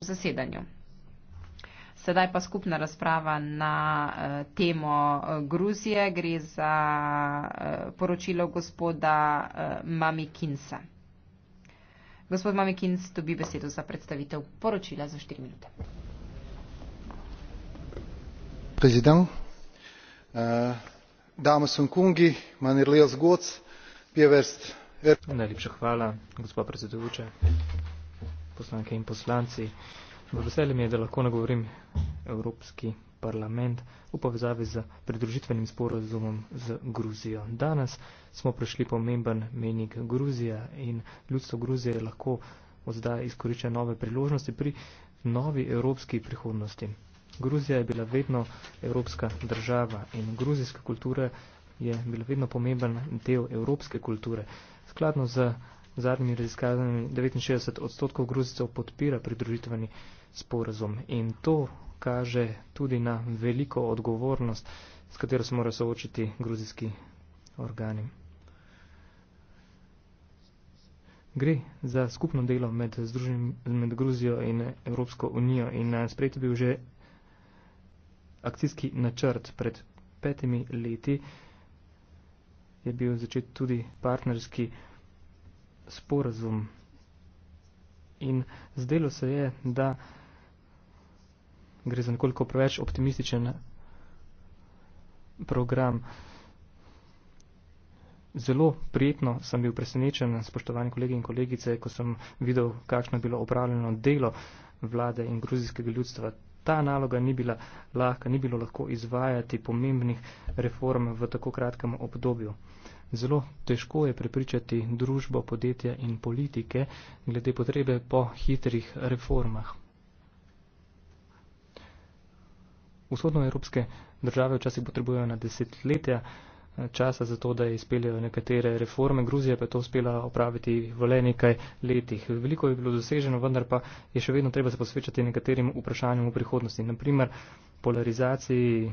zasedanju. Sedaj pa skupna razprava na eh, temo eh, Gruzije. Gre za eh, poročilo gospoda Mamikinsa. Gospod Mamikins dobi besedo za predstavitev poročila za 4 minute. Prezident, uh, dame so kungi, manj le jaz god, pjevest. Er... Najlepša hvala, gospod predsedujoče poslanke in poslanci. V veselje mi je, da lahko nagovorim Evropski parlament v povezavi z pridružitvenim sporozumom z Gruzijo. Danes smo prišli pomemben menik Gruzija in ljudstvo Gruzije lahko odzdaj izkorišča nove priložnosti pri novi evropski prihodnosti. Gruzija je bila vedno evropska država in gruzijska kultura je bila vedno pomemben del evropske kulture. Skladno z zadnjimi raziskavami 69 odstotkov gruzicov podpira pridružitveni sporazum. In to kaže tudi na veliko odgovornost, s katero se mora soočiti gruzijski organi. Gre za skupno delo med, združen, med Gruzijo in Evropsko unijo in eh, sprejeti bil že akcijski načrt pred petimi leti. Je bil začet tudi partnerski sporazum. In zdelo se je, da gre za nekoliko preveč optimističen program. Zelo prijetno sem bil presenečen, spoštovani kolegi in kolegice, ko sem videl, kakšno je bilo opravljeno delo vlade in gruzijskega ljudstva. Ta naloga ni bila lahka, ni bilo lahko izvajati pomembnih reform v tako kratkem obdobju. Zelo težko je prepričati družbo, podjetja in politike glede potrebe po hitrih reformah. Vzhodnoevropske države včasih potrebujejo na desetletja eh, časa za to, da izpeljejo nekatere reforme. Gruzija pa je to uspela opraviti v le nekaj letih. Veliko je bilo doseženo, vendar pa je še vedno treba se posvečati nekaterim vprašanjem v prihodnosti. Naprimer, polarizaciji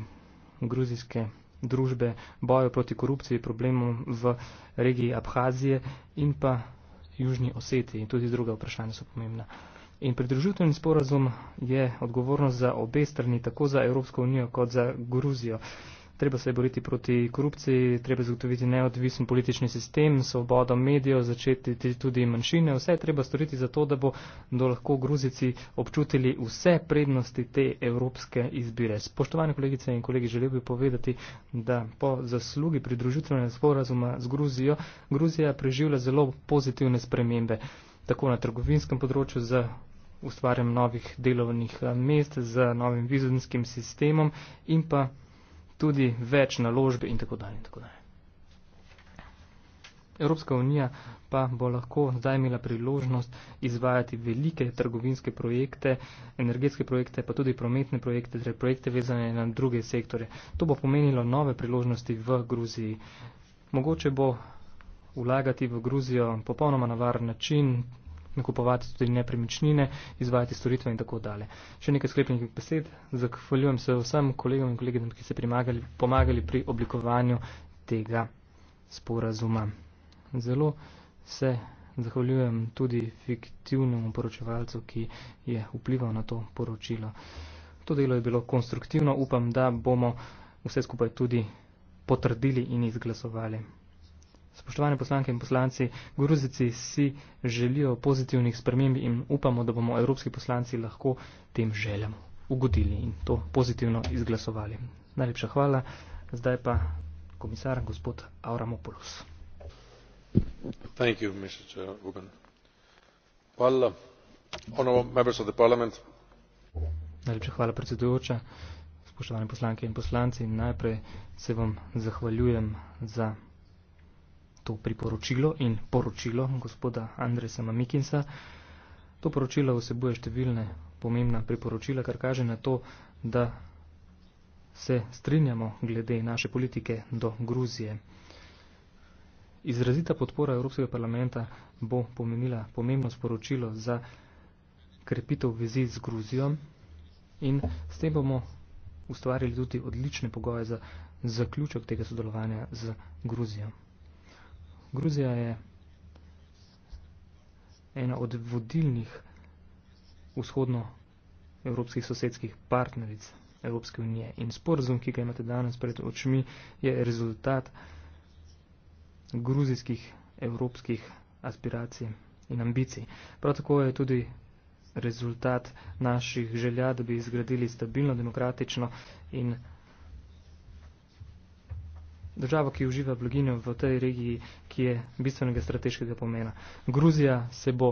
gruzijske družbe, boju proti korupciji, problemom v regiji Abhazije in pa južni Oseti. In tudi druga vprašanja so pomembna. In pridružitveni sporazum je odgovornost za obe strani, tako za Evropsko unijo kot za Gruzijo treba se je boriti proti korupciji, treba zagotoviti neodvisen politični sistem, svobodo medijev, začeti tudi manjšine. Vse je treba storiti za to, da bodo lahko gruzici občutili vse prednosti te evropske izbire. Spoštovane kolegice in kolegi, želel bi povedati, da po zaslugi pridružitvene sporazuma z Gruzijo, Gruzija preživlja zelo pozitivne spremembe, tako na trgovinskem področju z ustvarjanjem novih delovnih eh, mest, z novim vizumskim sistemom in pa tudi več naložbe in tako dalje in tako dalje. Evropska unija pa bo lahko zdaj imela priložnost izvajati velike trgovinske projekte, energetske projekte, pa tudi prometne projekte, torej projekte vezane na druge sektore. To bo pomenilo nove priložnosti v Gruziji. Mogoče bo vlagati v Gruzijo popolnoma na varen način, nakupovati tudi nepremičnine, izvajati storitve in tako dalje. Še nekaj sklepnih besed. Zahvaljujem se vsem kolegom in kolegom, ki se primagali, pomagali pri oblikovanju tega sporazuma. Zelo se zahvaljujem tudi fiktivnemu poročevalcu, ki je vplival na to poročilo. To delo je bilo konstruktivno, upam, da bomo vse skupaj tudi potrdili in izglasovali. Spoštovane poslanke in poslanci, Gruzici si želijo pozitivnih sprememb in upamo, da bomo evropski poslanci lahko tem željam ugodili in to pozitivno izglasovali. Najlepša hvala. Zdaj pa komisar gospod Auramopoulos. Uh, Najlepša hvala predsedujoča, spoštovane poslanke in poslanci. Najprej se vam zahvaljujem za to priporočilo in poročilo gospoda Andresa Mamikinsa. To poročilo vsebuje številne pomembna priporočila, kar kaže na to, da se strinjamo glede naše politike do Gruzije. Izrazita podpora Evropskega parlamenta bo pomenila pomembno sporočilo za krepitev vezi z Gruzijo in s tem bomo ustvarili tudi odlične pogoje za zaključek tega sodelovanja z Gruzijo. Gruzija je ena od vodilnih vzhodnoevropskih sosedskih partneric Evropske unije. In sporazum, ki ga imate danes pred očmi, je rezultat gruzijskih evropskih aspiracij in ambicij. Prav tako je tudi rezultat naših želja, da bi izgradili stabilno, demokratično in demokratično država, ki uživa blaginjo v tej regiji, ki je bistvenega strateškega pomena. Gruzija se bo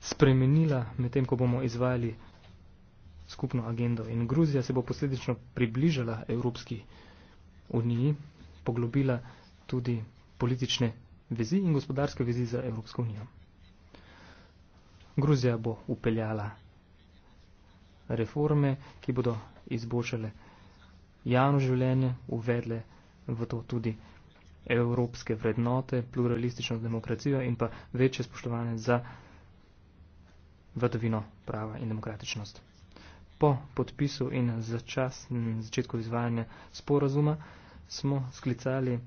spremenila med tem, ko bomo izvajali skupno agendo in Gruzija se bo posledično približala Evropski uniji, poglobila tudi politične vezi in gospodarske vezi za Evropsko unijo. Gruzija bo upeljala reforme, ki bodo izboljšale javno življenje, uvedle v to tudi evropske vrednote, pluralistično demokracijo in pa večje spoštovanje za vladavino prava in demokratičnost. Po podpisu in začasnem začetku izvajanja sporazuma smo sklicali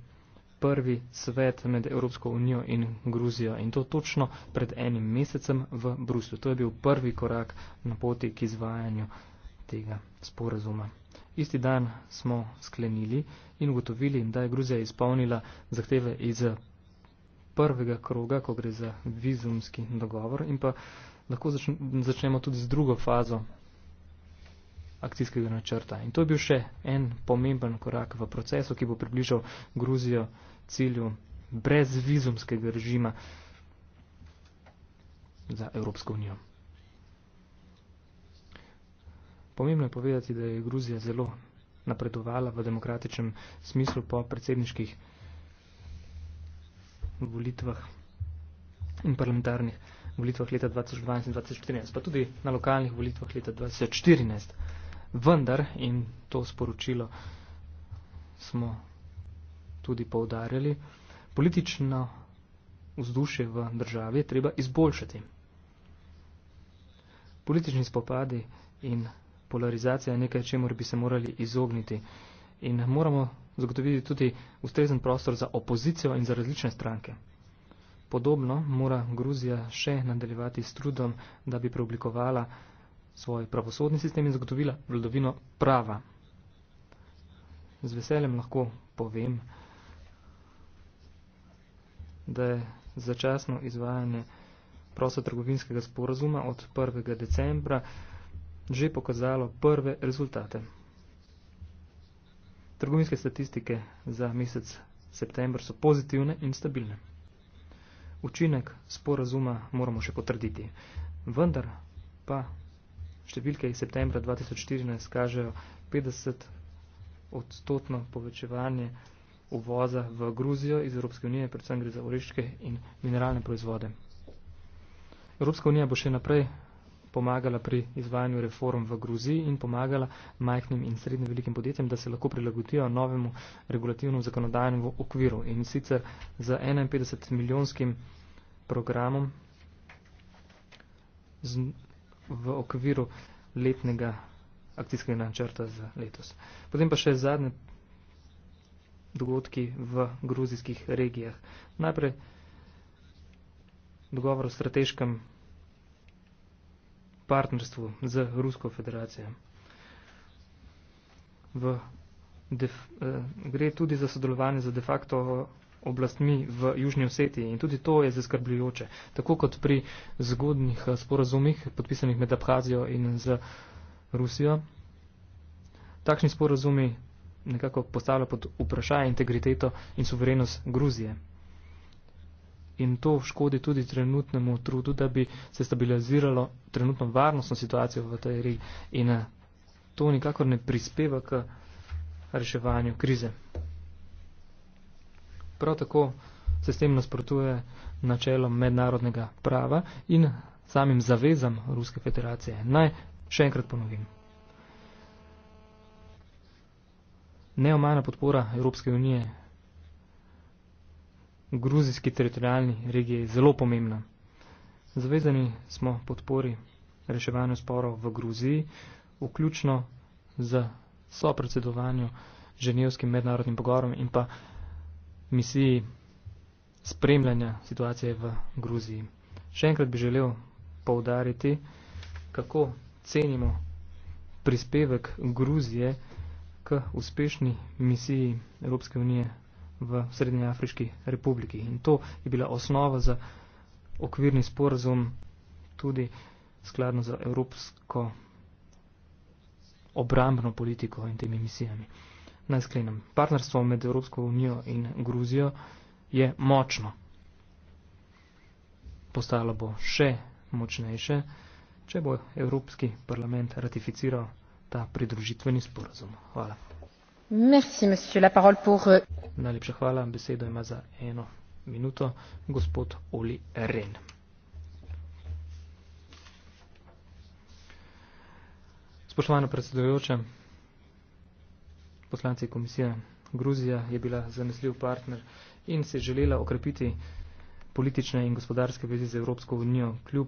prvi svet med Evropsko unijo in Gruzijo in to točno pred enim mesecem v Bruslju. To je bil prvi korak na poti k izvajanju tega sporazuma. Isti dan smo sklenili in ugotovili, da je Gruzija izpolnila zahteve iz prvega kroga, ko gre za vizumski dogovor in pa lahko začnemo tudi z drugo fazo akcijskega načrta. In to je bil še en pomemben korak v procesu, ki bo približal Gruzijo cilju brez vizumskega režima za Evropsko unijo. Pomembno je povedati, da je Gruzija zelo napredovala v demokratičnem smislu po predsedniških volitvah in parlamentarnih volitvah leta 2012 in 2014, pa tudi na lokalnih volitvah leta 2014. Vendar, in to sporočilo smo tudi poudarjali, politično vzdušje v državi je treba izboljšati. Politični spopadi in polarizacija je nekaj, čemu bi se morali izogniti. In moramo zagotoviti tudi ustrezen prostor za opozicijo in za različne stranke. Podobno mora Gruzija še nadaljevati s trudom, da bi preoblikovala svoj pravosodni sistem in zagotovila vladovino prava. Z veseljem lahko povem, da je začasno izvajanje prostotrgovinskega sporazuma od 1. decembra že pokazalo prve rezultate. Trgovinske statistike za mesec september so pozitivne in stabilne. Učinek sporazuma moramo še potrditi. Vendar pa številke iz septembra 2014 kažejo 50 odstotno povečevanje uvoza v Gruzijo iz Evropske unije, predvsem gre za oreščke in mineralne proizvode. Evropska unija bo še naprej pomagala pri izvajanju reform v Gruziji in pomagala majhnim in srednjim velikim podjetjem, da se lahko prilagodijo novemu regulativnemu zakonodajnemu okviru in sicer z 51 milijonskim programom z, v okviru letnega akcijskega načrta za letos. Potem pa še zadnje dogodki v gruzijskih regijah. Najprej dogovor o strateškem partnerstvu z Rusko federacijo. V def, eh, gre tudi za sodelovanje za de facto oblastmi v Južnji Osetiji in tudi to je zaskrbljujoče. Tako kot pri zgodnih eh, sporazumih, podpisanih med Abhazijo in z Rusijo, takšni sporazumi nekako postavlja pod vprašanje integriteto in suverenost Gruzije in to škodi tudi trenutnemu trudu, da bi se stabiliziralo trenutno varnostno situacijo v tej regiji in eh, to nikakor ne prispeva k reševanju krize. Prav tako se s tem nasprotuje načelom mednarodnega prava in samim zavezam Ruske federacije. Naj še enkrat ponovim. Neomajna podpora Evropske unije gruzijski teritorijalni regiji zelo pomembna. Zavezani smo podpori reševanju sporov v Gruziji, vključno z sopredsedovanju ženevskim mednarodnim pogorom in pa misiji spremljanja situacije v Gruziji. Še enkrat bi želel poudariti, kako cenimo prispevek Gruzije k uspešni misiji Evropske unije v Srednjeafriški republiki. In to je bila osnova za okvirni sporazum tudi skladno za evropsko obrambno politiko in temi misijami. Naj sklenem. Partnerstvo med Evropsko unijo in Gruzijo je močno. Postalo bo še močnejše, če bo Evropski parlament ratificiral ta pridružitveni sporazum. Hvala. Euh, Najlepša hvala. Besedo ima za eno minuto gospod Oli Ren. Spoštovana predsedujoča, poslanci komisije Gruzija je bila zanesljiv partner in se želela okrepiti politične in gospodarske vezi z Evropsko unijo kljub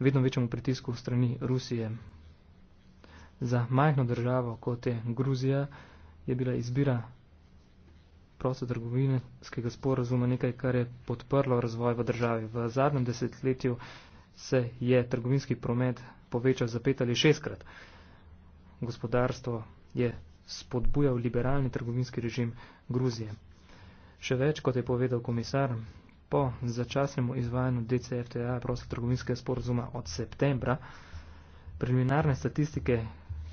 vedno večjemu pritisku strani Rusije. Za majhno državo, kot je Gruzija, je bila izbira proste trgovinskega sporazuma nekaj, kar je podprlo razvoj v državi. V zadnjem desetletju se je trgovinski promet povečal za pet ali šestkrat. Gospodarstvo je spodbujal liberalni trgovinski režim Gruzije. Še več, kot je povedal komisar, po začasnem izvajanju DCFTA proste trgovinskega sporazuma od septembra, preliminarne statistike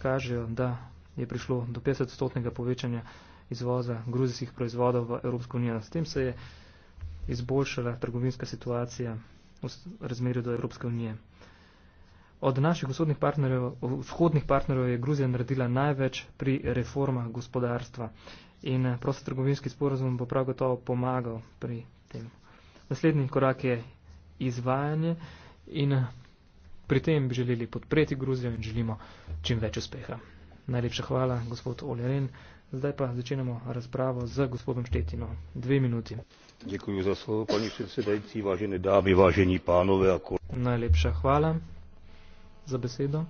kažejo, da je prišlo do 50-stotnega povečanja izvoza gruzijskih proizvodov v Evropsko unijo. S tem se je izboljšala trgovinska situacija v razmerju do Evropske unije. Od naših partnerjev, vzhodnih partnerjev je Gruzija naredila največ pri reformah gospodarstva in eh, prosto trgovinski sporozum bo prav gotovo pomagal pri tem. Naslednji korak je izvajanje in eh, pri tem bi želeli podpreti Gruzijo in želimo čim več uspeha. Najlepša hvala, gospod Oljaren. Zdaj pa začenjamo razpravo z gospodom Štetino. Dve minuti. Děkuji za slovo, paní předsedající, vážené dámy, vážení pánové. Ako... Najlepša hvala za besedo.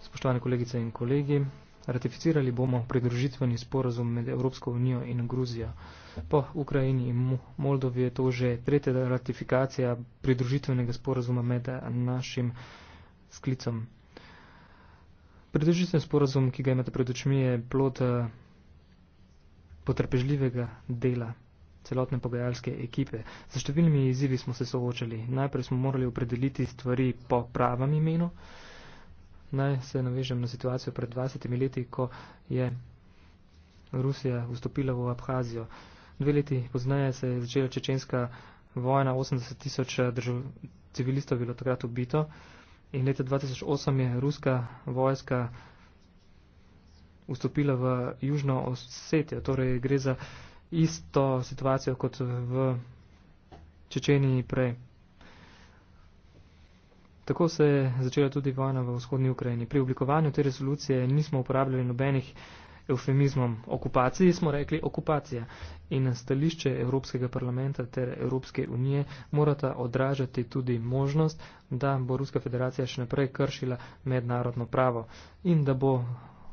Spoštovane kolegice in kolegi, ratificirali bomo pridružitveni sporazum med Evropsko unijo in Gruzijo. Po Ukrajini in Moldovi je to že tretja ratifikacija pridružitvenega sporazuma med našim sklicom. Predložite sporozum, ki ga imate pred očmi, je plot uh, eh, potrpežljivega dela celotne pogajalske ekipe. Za številnimi izzivi smo se soočali. Najprej smo morali opredeliti stvari po pravem imenu. Naj se navežem na situacijo pred 20 leti, ko je Rusija vstopila v Abhazijo. Dve leti pozneje se je začela čečenska vojna, 80 tisoč eh, civilistov bilo takrat ubito. In leta 2008 je ruska vojska vstopila v južno osetje, torej gre za isto situacijo kot v Čečeniji prej. Tako se je začela tudi vojna v vzhodni Ukrajini. Pri oblikovanju te resolucije nismo uporabljali nobenih eufemizmom okupaciji, smo rekli okupacija. In stališče Evropskega parlamenta ter Evropske unije morata odražati tudi možnost, da bo Ruska federacija še naprej kršila mednarodno pravo in da bo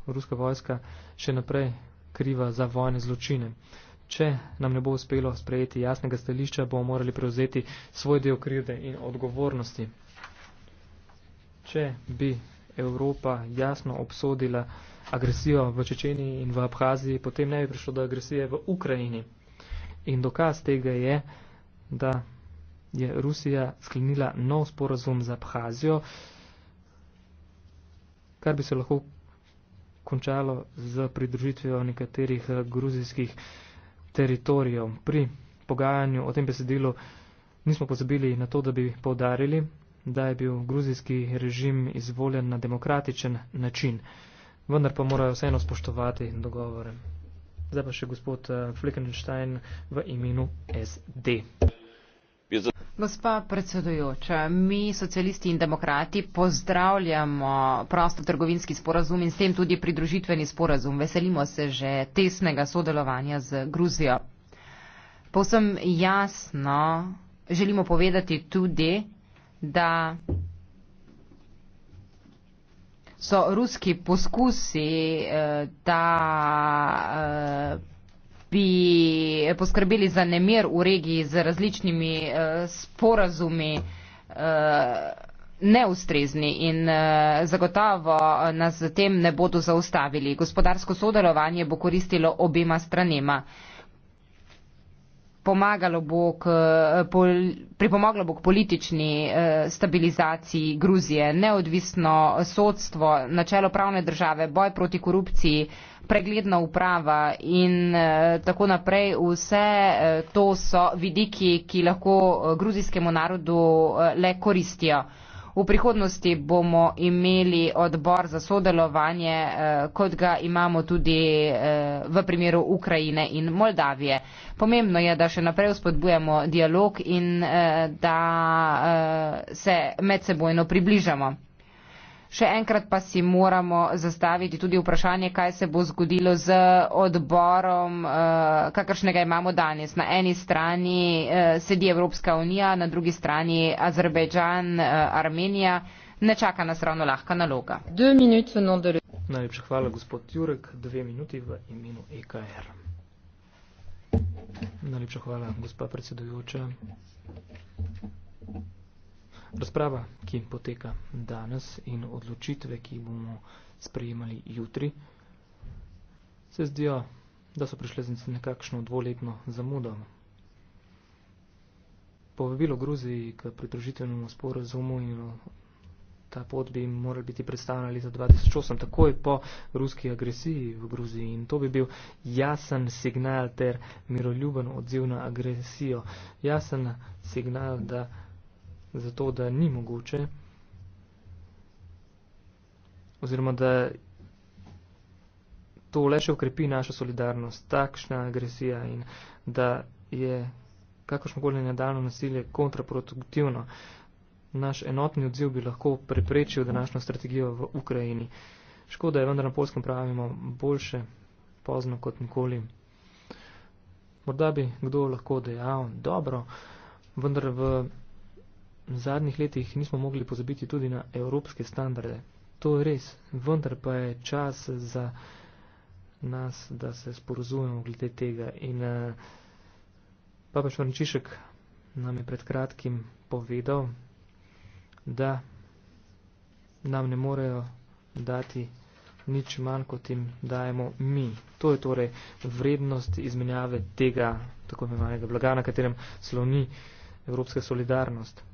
Ruska vojska še naprej kriva za vojne zločine. Če nam ne bo uspelo sprejeti jasnega stališča, bomo morali prevzeti svoj del krivde in odgovornosti. Če bi Evropa jasno obsodila agresijo v Čečeniji in v Abhaziji, potem ne bi prišlo do agresije v Ukrajini. In dokaz tega je, da je Rusija sklenila nov sporazum za Abhazijo, kar bi se lahko končalo z pridružitvijo nekaterih eh, gruzijskih teritorijev. Pri pogajanju o tem besedilu nismo pozabili na to, da bi povdarili, da je bil gruzijski režim izvoljen na demokratičen način vendar pa morajo vseeno spoštovati dogovore. Zdaj pa še gospod eh, Flickenstein v imenu SD. Gospa predsedujoča, mi socialisti in demokrati pozdravljamo prostotrgovinski sporazum in s tem tudi pridružitveni sporazum. Veselimo se že tesnega sodelovanja z Gruzijo. Povsem jasno želimo povedati tudi, da so ruski poskusi, eh, da eh, bi poskrbeli za nemir v regiji z različnimi eh, sporazumi neustrezni in zagotovo nas zatem ne bodo zaustavili. Gospodarsko sodelovanje bo koristilo obima stranima pomagalo bo k, eh, pol, pripomoglo bo k politični eh, stabilizaciji Gruzije. Neodvisno sodstvo, načelo pravne države, boj proti korupciji, pregledna uprava in eh, tako naprej, vse to so vidiki, ki lahko gruzijskemu narodu le koristijo. V prihodnosti bomo imeli odbor za sodelovanje, eh, kot ga imamo tudi eh, v primeru Ukrajine in Moldavije. Pomembno je, da še naprej vzpodbujamo dialog in eh, da se medsebojno približamo. Še enkrat pa si moramo zastaviti tudi vprašanje, kaj se bo zgodilo z odborom, eh, kakršnega imamo danes. Na eni strani eh, sedi Evropska unija, na drugi strani Azerbejdžan, eh, Armenija. Ne čaka nas ravno lahka naloga. Najlepša hvala, gospod Jurek. Dve minuti v imenu EKR. Najlepša hvala, gospod predsedujoča razprava, ki poteka danes in odločitve, ki bomo sprejemali jutri, se zdijo, da so prišle z nekakšno dvoletno zamudo. Povabilo Gruziji k pridružitvenemu sporazumu in ta pot bi morali biti predstavljena leta 2008, takoj po ruski agresiji v Gruziji. In to bi bil jasen signal ter miroljuben odziv na agresijo. Jasen signal, da zato da ni mogoče, oziroma da to le še ukrepi našo solidarnost, takšna agresija in da je kakršno koli nedavno nasilje kontraproduktivno. Naš enotni odziv bi lahko preprečil današnjo strategijo v Ukrajini. Škoda je vendar na polskem pravimo boljše pozno kot nikoli. Morda bi kdo lahko dejal dobro, vendar v v zadnjih letih nismo mogli pozabiti tudi na evropske standarde. To je res, vendar pa je čas za nas, da se sporozumemo glede tega. In uh, papež Frančišek nam je pred kratkim povedal, da nam ne morejo dati nič manj, kot jim dajemo mi. To je torej vrednost izmenjave tega tako imenovanega blaga, na katerem sloni evropska solidarnost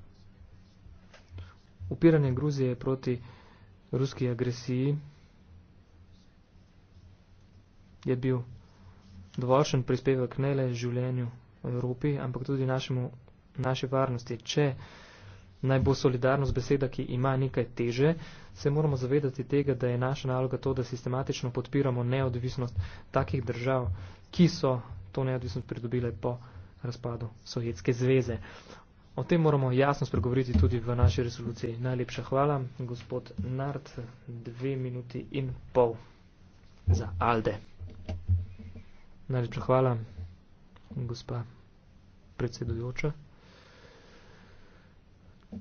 upiranje Gruzije proti ruski agresiji je bil dovoljšen prispevek ne le življenju v Evropi, ampak tudi našemu, naše varnosti. Če naj bo solidarnost beseda, ki ima nekaj teže, se moramo zavedati tega, da je naša naloga to, da sistematično podpiramo neodvisnost takih držav, ki so to neodvisnost pridobile po razpadu Sovjetske zveze. O tem moramo jasno spregovoriti tudi v naši resoluciji. Najlepša hvala, gospod Nart, dve minuti in pol za Alde. Najlepša hvala, gospa predsedujoča.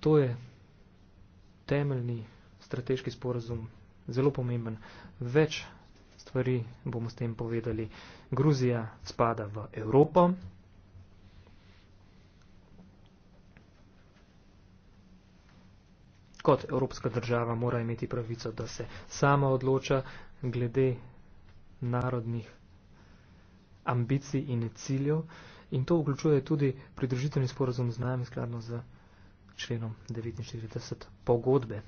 To je temeljni strateški sporazum, zelo pomemben. Več stvari bomo s tem povedali. Gruzija spada v Evropo. kot evropska država mora imeti pravico, da se sama odloča glede narodnih ambicij in ciljev. In to vključuje tudi pridružitveni sporozum z nami skladno z členom 49 pogodbe.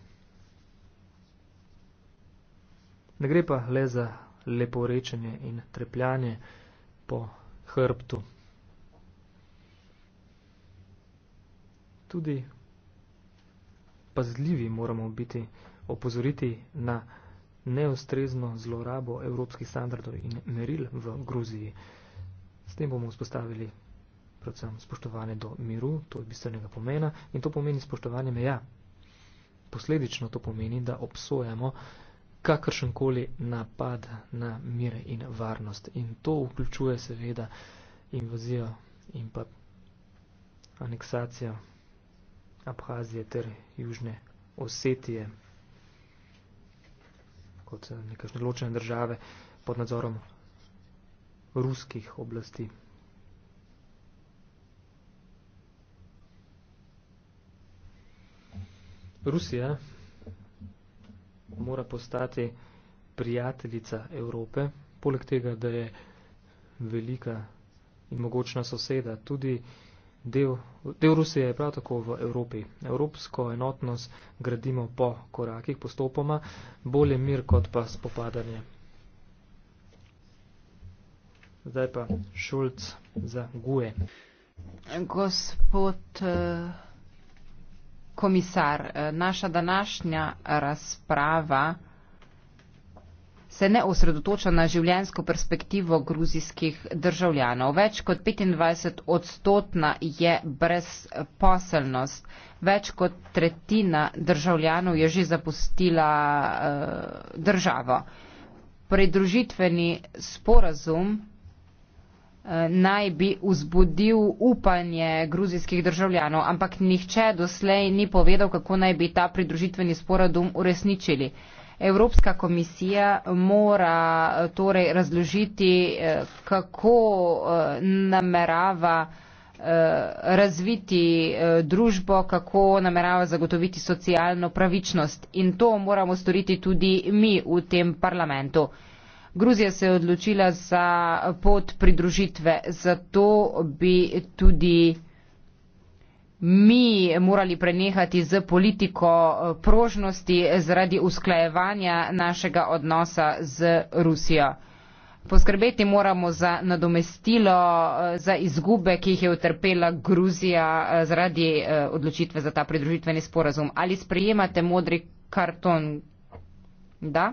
Ne gre pa le za leporečenje in trepljanje po hrbtu. Tudi pazljivi moramo biti opozoriti na neustrezno zlorabo evropskih standardov in meril v Gruziji. S tem bomo vzpostavili predvsem spoštovanje do miru, to je bistvenega pomena in to pomeni spoštovanje meja. Posledično to pomeni, da obsojamo kakršenkoli napad na mir in varnost. In to vključuje seveda invazijo in pa aneksacijo Abhazije ter Južne Osetije kot eh, nekakšne ločene države pod nadzorom ruskih oblasti. Rusija mora postati prijateljica Evrope, poleg tega, da je velika in mogočna soseda, tudi uh, del, del Rusije je prav tako v Evropi. Evropsko enotnost gradimo po korakih, postopoma, bolje mir kot pa spopadanje. Zdaj pa Šulc za Guje. Gospod eh, komisar, eh, naša današnja razprava se ne osredotoča na življensko perspektivo gruzijskih državljanov. Več kot 25 odstotna je brezposelnost, več kot tretjina državljanov je že zapustila uh, državo. Pridružitveni sporazum eh, naj bi vzbudil upanje gruzijskih državljanov, ampak nihče doslej ni povedal, kako naj bi ta pridružitveni sporadum uresničili. Uh, Evropska komisija mora torej razložiti, eh, kako eh, namerava eh, razviti družbo, kako namerava zagotoviti socialno pravičnost. In to moramo storiti tudi mi v tem parlamentu. Gruzija se je odločila za pot pridružitve, zato bi tudi mi morali prenehati z politiko eh, prožnosti zaradi usklajevanja našega odnosa z Rusijo. Poskrbeti moramo za nadomestilo, eh, za izgube, ki jih je utrpela Gruzija eh, zaradi odločitve za ta pridružitveni sporazum. Ali sprejemate modri karton? Da?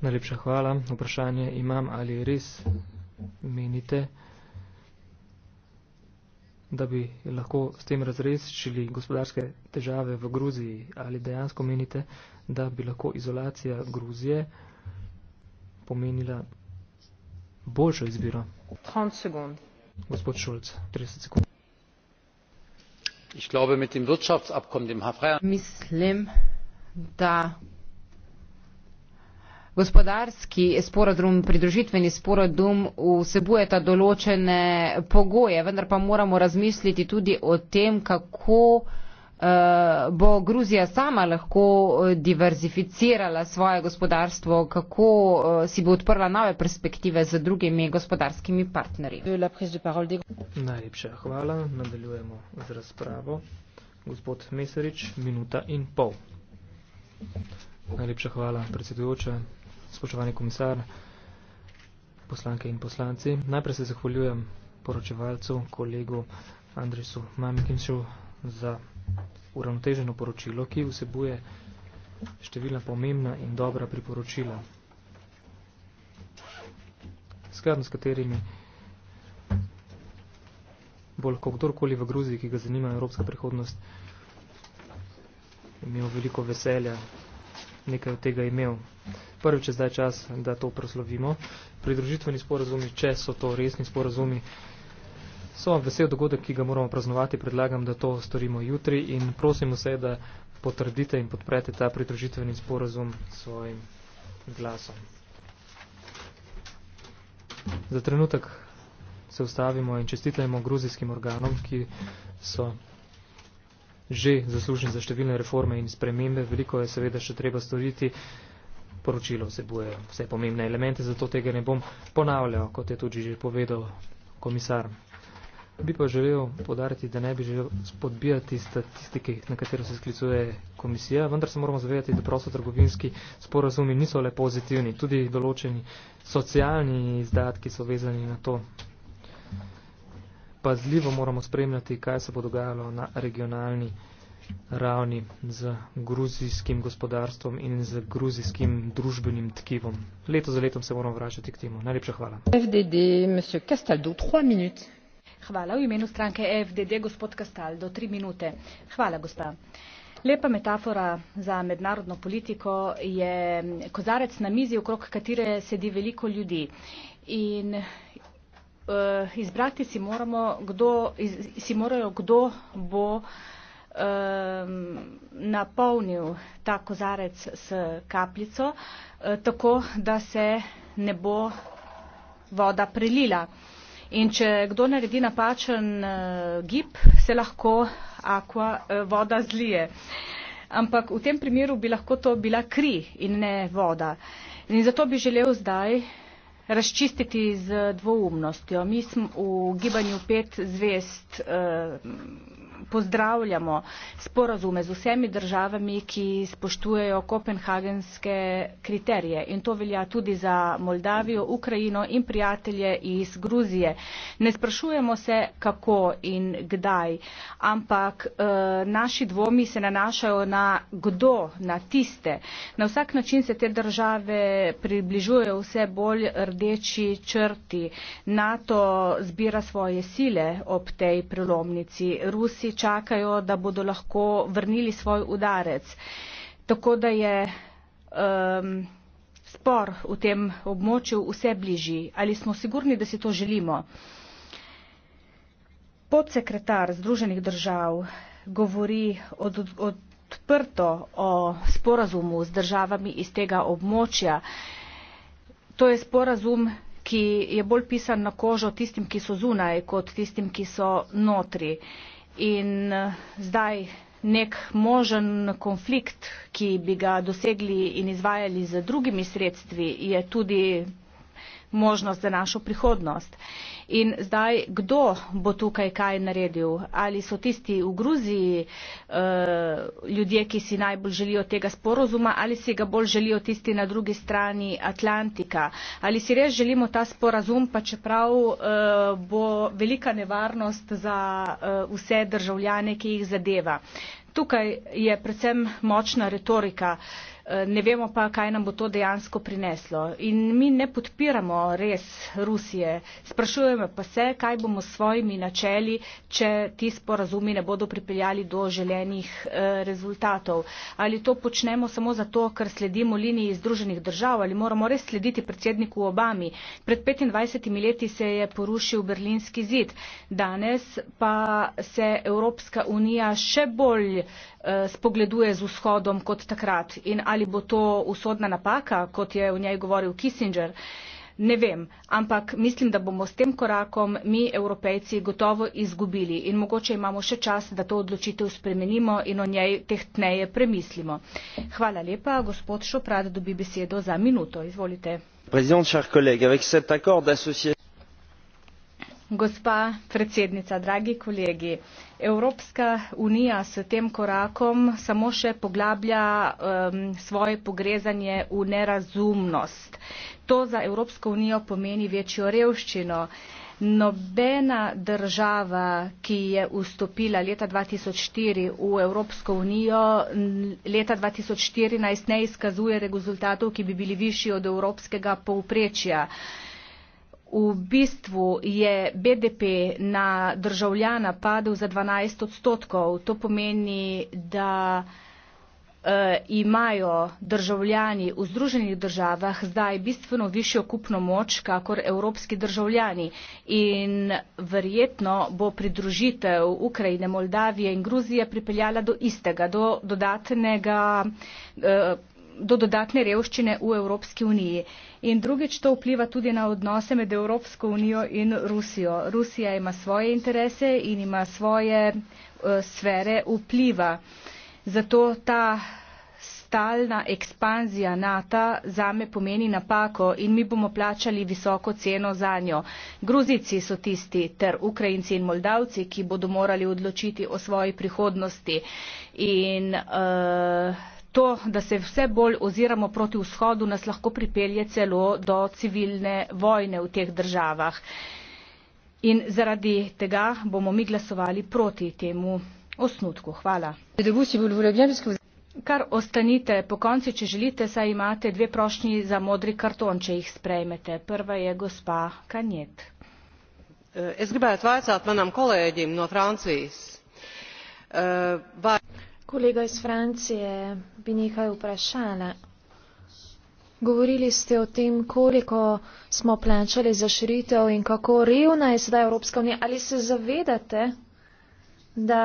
Najlepša hvala. Vprašanje imam, ali res menite, da bi lahko s tem razrešili gospodarske težave v Gruziji ali dejansko menite, da bi lahko izolacija Gruzije pomenila boljšo izbiro. 30 sekund. Gospod Šulc, 30 sekund. Ich glaube, mit dem Wirtschaftsabkommen, dem Mislim, da gospodarski sporozum, pridružitveni sporozum vsebujeta določene pogoje, vendar pa moramo razmisliti tudi o tem, kako eh, bo Gruzija sama lahko eh, diverzificirala svoje gospodarstvo, kako eh, si bo odprla nove perspektive z drugimi gospodarskimi partnerji. Najlepša hvala. Nadaljujemo z razpravo. Gospod Meserič, minuta in pol. Najlepša hvala, predsedujoča spoštovani komisar, poslanke in poslanci. Najprej se zahvaljujem poročevalcu, kolegu Andresu Mamikinšu za uravnoteženo poročilo, ki vsebuje številna pomembna in dobra priporočila. Skladno s katerimi bo lahko kdorkoli v Gruziji, ki ga zanima evropska prihodnost, imel veliko veselja nekaj od tega imel. Prvič je zdaj čas, da to proslovimo. Pridružitveni sporazumi, če so to resni sporazumi, so vam vesel dogodek, ki ga moramo praznovati. Predlagam, da to storimo jutri in prosim vse, da potrdite in podprete ta pridružitveni sporazum svojim glasom. Za trenutek se ustavimo in čestitajmo gruzijskim organom, ki so že zaslužen za številne reforme in spremembe, veliko je seveda še treba storiti. Poročilo vsebuje vse pomembne elemente, zato tega ne bom ponavljal, kot je tudi že povedal komisar. Bi pa želel podariti, da ne bi želel spodbijati statistike, na katero se sklicuje komisija, vendar se moramo zavedati, da prostotrgovinski sporazumi niso le pozitivni, tudi določeni socialni izdatki so vezani na to pazljivo moramo spremljati, kaj se bo dogajalo na regionalni ravni z gruzijskim gospodarstvom in z gruzijskim družbenim tkivom. Leto za letom se moramo vračati k temu. Najlepša hvala. FDD, monsieur Castaldo, 3 minute. Hvala v imenu stranke FDD, gospod Castaldo, 3 minute. Hvala, gospa. Lepa metafora za mednarodno politiko je kozarec na mizi, okrog katere sedi veliko ljudi. In uh, izbrati si, moramo, kdo, iz, si morajo, kdo bo um, napolnil ta kozarec s kapljico, uh, tako da se ne bo voda prelila. In če kdo naredi napačen uh, gib, se lahko aqua, uh, voda zlije. Ampak v tem primeru bi lahko to bila kri in ne voda. In zato bi želel zdaj razčistiti z dvoumnostjo. Mi smo v gibanju pet zvest eh, pozdravljamo sporazume z vsemi državami, ki spoštujejo kopenhagenske kriterije. In to velja tudi za Moldavijo, Ukrajino in prijatelje iz Gruzije. Ne sprašujemo se, kako in kdaj, ampak eh, naši dvomi se nanašajo na kdo, na tiste. Na vsak način se te države približujejo vse bolj rdeči črti. NATO zbira svoje sile ob tej prelomnici. Rusi čakajo, da bodo lahko vrnili svoj udarec. Tako da je um, spor v tem območju vse bližji. Ali smo sigurni, da si to želimo? Podsekretar Združenih držav govori od. od Odprto o sporazumu z državami iz tega območja. To je sporazum, ki je bolj pisan na kožo tistim, ki so zunaj, kot tistim, ki so notri. Uh, in eh, zdaj nek možen konflikt, ki bi ga dosegli in izvajali z drugimi sredstvi, je tudi možnost za našo prihodnost. In zdaj, kdo bo tukaj kaj naredil? Ali so tisti v Gruziji eh, ljudje, ki si najbolj želijo tega sporozuma, ali si ga bolj želijo tisti na drugi strani Atlantika? Ali si res želimo ta sporozum, pa čeprav eh, bo velika nevarnost za eh, vse državljane, ki jih zadeva? Tukaj je predvsem močna retorika. Eh, ne vemo pa, kaj nam bo to dejansko prineslo. In mi ne podpiramo res Rusije. Sprašujemo pa se, kaj bomo s svojimi načeli, če ti sporazumi ne bodo pripeljali do želenih eh, rezultatov. Ali to počnemo samo zato, ker sledimo liniji Združenih držav, ali moramo res slediti predsedniku Obami. Pred 25 leti se je porušil berlinski zid. Danes pa se Evropska unija še bolj Eh, spogleduje z vzhodom kot takrat. In ali bo to usodna napaka, kot je v njej govoril Kissinger, ne vem. Ampak mislim, da bomo s tem korakom mi, evropejci, gotovo izgubili. In mogoče imamo še čas, da to odločitev spremenimo in o njej tehtneje premislimo. Hvala lepa. Gospod Šoprad dobi besedo za minuto. Izvolite. Président, chers collègues, avec cet accord d'association. Gospa predsednica, dragi kolegi, Evropska unija s tem korakom samo še poglablja um, svoje pogrezanje v nerazumnost. To za Evropsko unijo pomeni večjo revščino. Nobena država, ki je vstopila leta 2004 v Evropsko unijo, leta 2014 ne izkazuje rezultatov, ki bi bili višji od evropskega povprečja. Uh, V bistvu je BDP na državljana padel za 12 odstotkov. To pomeni, da eh, imajo državljani v združenih državah zdaj bistveno višjo kupno moč, kakor evropski državljani. In verjetno bo pridružitev Ukrajine, Moldavije in Gruzije pripeljala do istega, do dodatnega. Eh, do dodatne revščine v Evropski uniji. In drugič, to vpliva tudi na odnose med Evropsko unijo in Rusijo. Rusija ima svoje interese in ima svoje uh, sfere vpliva. Zato ta stalna ekspanzija NATO zame pomeni napako in mi bomo plačali visoko ceno za njo. Gruzici so tisti ter Ukrajinci in Moldavci, ki bodo morali odločiti o svoji prihodnosti. In, uh, to, da se vse bolj oziramo proti vzhodu, nas lahko pripelje celo do civilne vojne v teh državah. In zaradi tega bomo mi glasovali proti temu osnutku. Hvala. Kar ostanite po konci, če želite, saj imate dve prošnji za modri karton, če jih sprejmete. Prva je gospa Kanjet. Es gribētu vaicāt manam kolēģim no Francijas. Uh, vai... Kolega iz Francije bi nekaj vprašala. Govorili ste o tem, koliko smo plačali za širitev in kako revna je sedaj Evropska unija. Ali se zavedate, da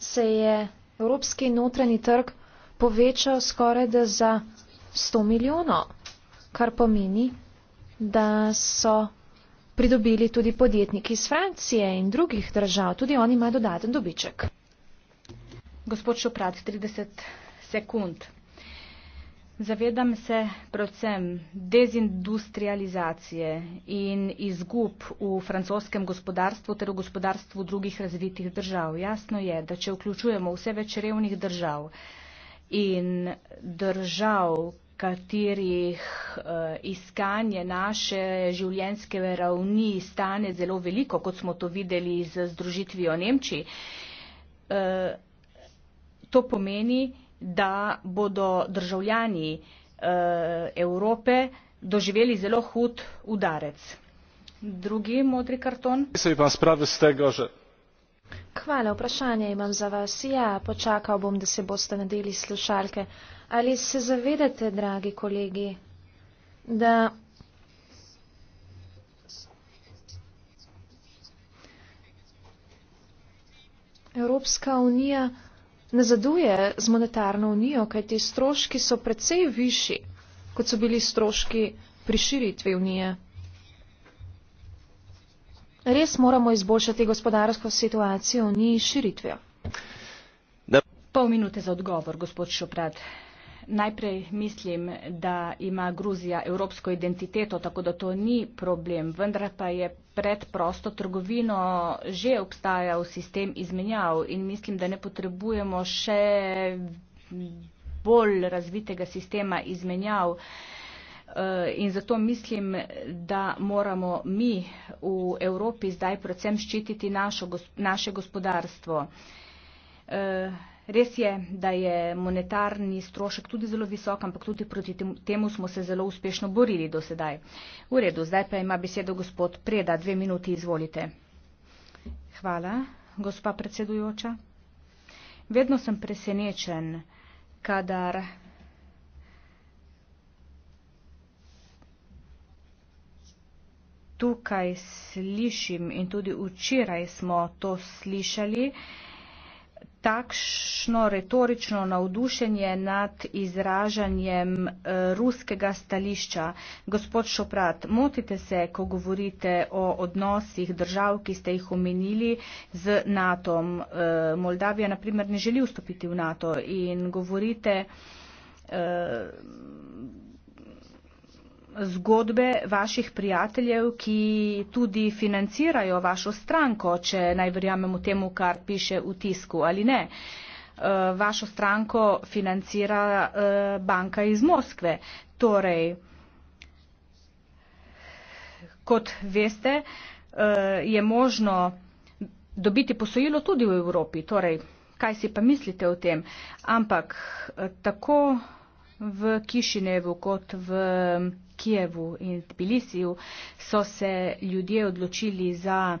se je Evropski notranji trg povečal skoraj da za 100 milijonov, kar pomeni, da so pridobili tudi podjetniki iz Francije in drugih držav. Tudi oni imajo dodaten dobiček. Gospod Šoprat, 30 sekund. Zavedam se predvsem dezindustrializacije in izgub v francoskem gospodarstvu ter v gospodarstvu drugih razvitih držav. Jasno je, da če vključujemo vse več revnih držav in držav, katerih eh, iskanje naše življenjske ravni stane zelo veliko, kot smo to videli z združitvijo Nemčiji, eh, to pomeni, da bodo državljani eh, Evrope doživeli zelo hud udarec. Drugi modri karton. Hvala, vprašanje imam za vas. Ja, počakal bom, da se boste nadeli slušalke. Ali se zavedate, dragi kolegi, da. Evropska unija nazaduje z monetarno unijo, kaj ti stroški so precej višji, kot so bili stroški pri širitvi unije. Res moramo izboljšati gospodarsko situacijo v njih širitvijo. Pol minute za odgovor, gospod Šoprat najprej mislim, da ima Gruzija evropsko identiteto, tako da to ni problem, vendar pa je pred prosto trgovino že obstajal sistem izmenjav in mislim, da ne potrebujemo še bolj razvitega sistema izmenjav. Eh, in zato mislim, da moramo mi v Evropi zdaj predvsem ščititi našo, naše gospodarstvo. Eh, Res je, da je monetarni strošek tudi zelo visok, ampak tudi proti temu smo se zelo uspešno borili do sedaj. V redu, zdaj pa ima besedo gospod Preda. Dve minuti, izvolite. Hvala, gospa predsedujoča. Vedno sem presenečen, kadar tukaj slišim in tudi včeraj smo to slišali, takšno retorično navdušenje nad izražanjem eh, ruskega stališča. Gospod Šoprat, motite se, ko govorite o odnosih držav, ki ste jih omenili z NATO. Eh, Moldavija naprimer ne želi vstopiti v NATO in govorite eh, zgodbe vaših prijateljev, ki tudi financirajo vašo stranko, če naj verjamemo temu, kar piše v tisku ali ne. Eh, vašo stranko financira eh, banka iz Moskve. Torej, kot veste, eh, je možno dobiti posojilo tudi v Evropi. Torej, kaj si pa mislite o tem? Ampak tako v Kišinevu kot v Kijevu in Tbilisiju, so se ljudje odločili za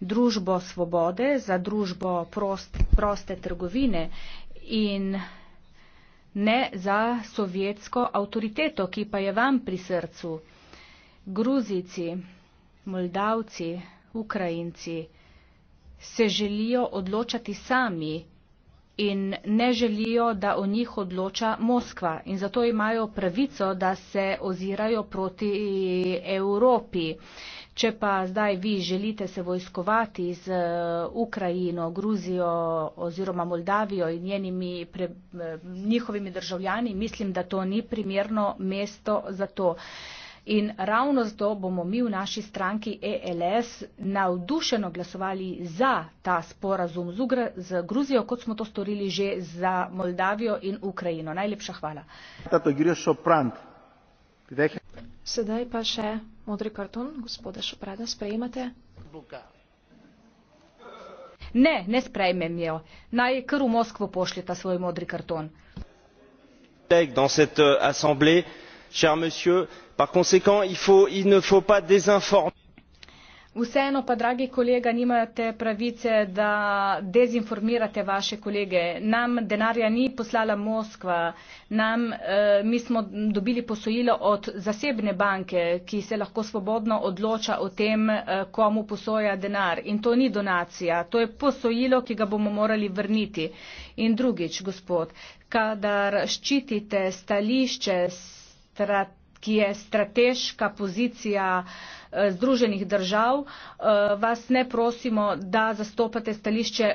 družbo svobode, za družbo prost, proste trgovine in ne za sovjetsko avtoriteto, ki pa je vam pri srcu. Gruzici, Moldavci, Ukrajinci se želijo odločati sami in ne želijo, da o njih odloča Moskva. In zato imajo pravico, da se ozirajo proti Evropi. Če pa zdaj vi želite se vojskovati z eh, Ukrajino, Gruzijo oziroma Moldavijo in njenimi, pre, eh, njihovimi državljani, mislim, da to ni primerno mesto za to. In ravno zato bomo mi v naši stranki ELS navdušeno glasovali za ta sporazum z, Ugr z Gruzijo, kot smo to storili že za Moldavijo in Ukrajino. Najlepša hvala. Sedaj pa še modri karton, gospoda Šoprada, sprejmate. Ne, ne sprejmem jo. Naj kar v Moskvo pošlje ta svoj modri karton. Dans cette euh, assemblée, cher monsieur, par conséquent il faut il ne faut pas désinformer Vseeno pa, dragi kolega, nimate pravice, da dezinformirate vaše kolege. Nam denarja ni poslala Moskva, nam, eh, mi smo dobili posojilo od zasebne banke, ki se lahko svobodno odloča o tem, eh, komu posoja denar. In to ni donacija, to je posojilo, ki ga bomo morali vrniti. In drugič, gospod, kadar ščitite stališče strateške, ki je strateška pozicija eh, Združenih držav, eh, vas ne prosimo, da zastopate stališče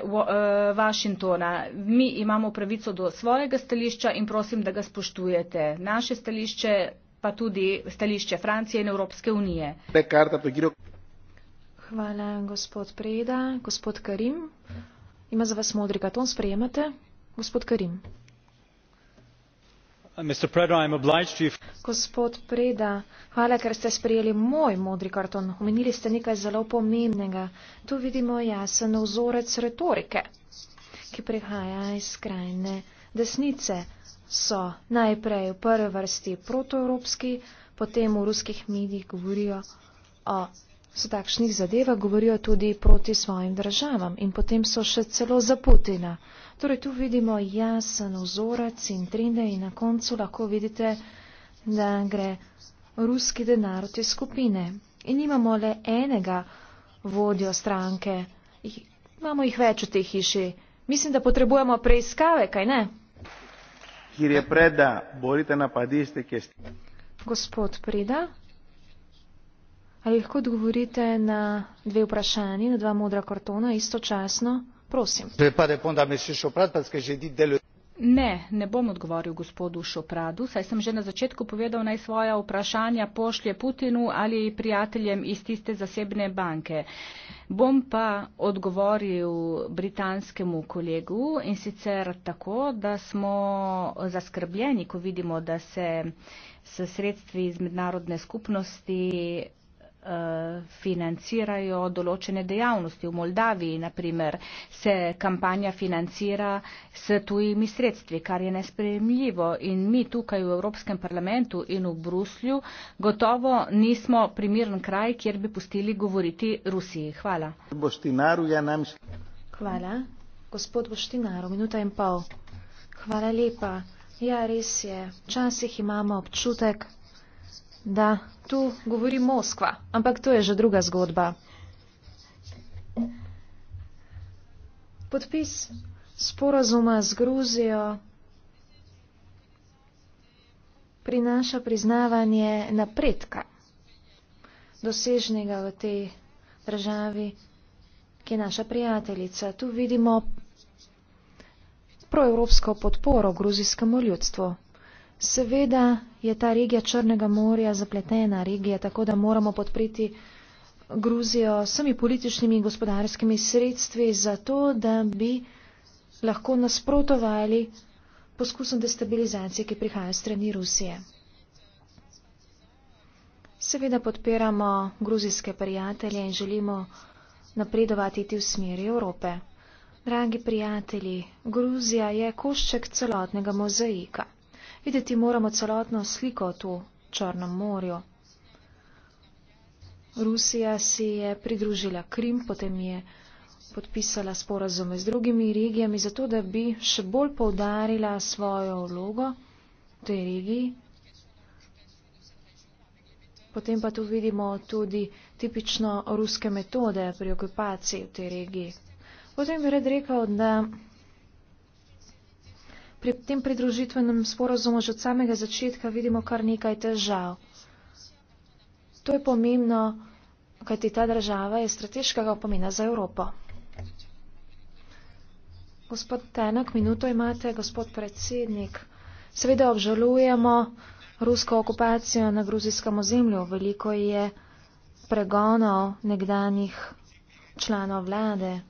Vašingtona. Eh, Mi imamo pravico do svojega stališča in prosim, da ga spoštujete. Naše stališče pa tudi stališče Francije in Evropske unije. Hvala, gospod Preda. Gospod Karim, ima za vas modri karton, sprejemate? Gospod Karim. Uh, Gospod Preda, hvala, ker ste sprejeli moj modri karton. Omenili ste nekaj zelo pomembnega. Tu vidimo jasen vzorec retorike, ki prihaja iz skrajne desnice. So najprej v prvi vrsti protoevropski, potem v ruskih medijih govorijo o so takšnih zadevah, govorijo tudi proti svojim državam in potem so še celo za Putina. Torej tu vidimo jasen vzorec in trende in na koncu lahko vidite, da gre ruski denar v te skupine. In imamo le enega vodjo stranke, imamo jih več v tej hiši. Mislim, da potrebujemo preiskave, kaj ne? Kjer je preda, borite napadiste, ki ste. Gospod Preda, ali lahko odgovorite na dve vprašanje, na dva modra kartona istočasno? ne ne bom odgovoril gospodu Šopradu, saj sem že na začetku povedal naj svoja vprašanja pošlje Putinu ali prijateljem iz tiste zasebne banke. Bom pa odgovoril britanskemu kolegu in sicer tako, da smo zaskrbljeni, ko vidimo, da se s sredstvi iz mednarodne skupnosti Eh, financirajo določene dejavnosti. V Moldaviji, na primer, se kampanja financira s tujimi sredstvi, kar je nesprejemljivo. In mi tukaj v Evropskem parlamentu in v Bruslju gotovo nismo primern kraj, kjer bi pustili govoriti Rusiji. Hvala. Ja Hvala. Gospod Boštinaru, minuta in pol. Hvala lepa. Ja, res je. Včasih imamo občutek, Da, tu govori Moskva, ampak to je že druga zgodba. Podpis sporazuma z Gruzijo prinaša priznavanje napredka, dosežnega v tej državi, ki je naša prijateljica. Tu vidimo proevropsko podporo gruzijskemu ljudstvu. Seveda je ta regija Črnega morja zapletena regija, tako da moramo podpreti Gruzijo vsemi političnimi in gospodarskimi sredstvi za to, da bi lahko nasprotovali poskusom destabilizacije, ki prihaja strani Rusije. Seveda podpiramo gruzijske prijatelje in želimo napredovati ti v smeri Evrope. Dragi prijatelji, Gruzija je košček celotnega mozaika. Videti moramo celotno sliko tu v Črnem morju. Rusija si je pridružila Krim, potem je podpisala sporazume z drugimi regijami, zato da bi še bolj poudarila svojo vlogo v tej regiji. Potem pa tu vidimo tudi tipično ruske metode pri okupaciji v tej regiji. Potem bi red rekel, da pri tem pridružitvenem sporozumu že od samega začetka vidimo kar nekaj težav. To je pomembno, kajti ta država je strateškega pomena za Evropo. Gospod Tenak, minuto imate, gospod predsednik. Seveda obžalujemo rusko okupacijo na gruzijskem ozemlju. Veliko je pregonov nekdanjih članov vlade.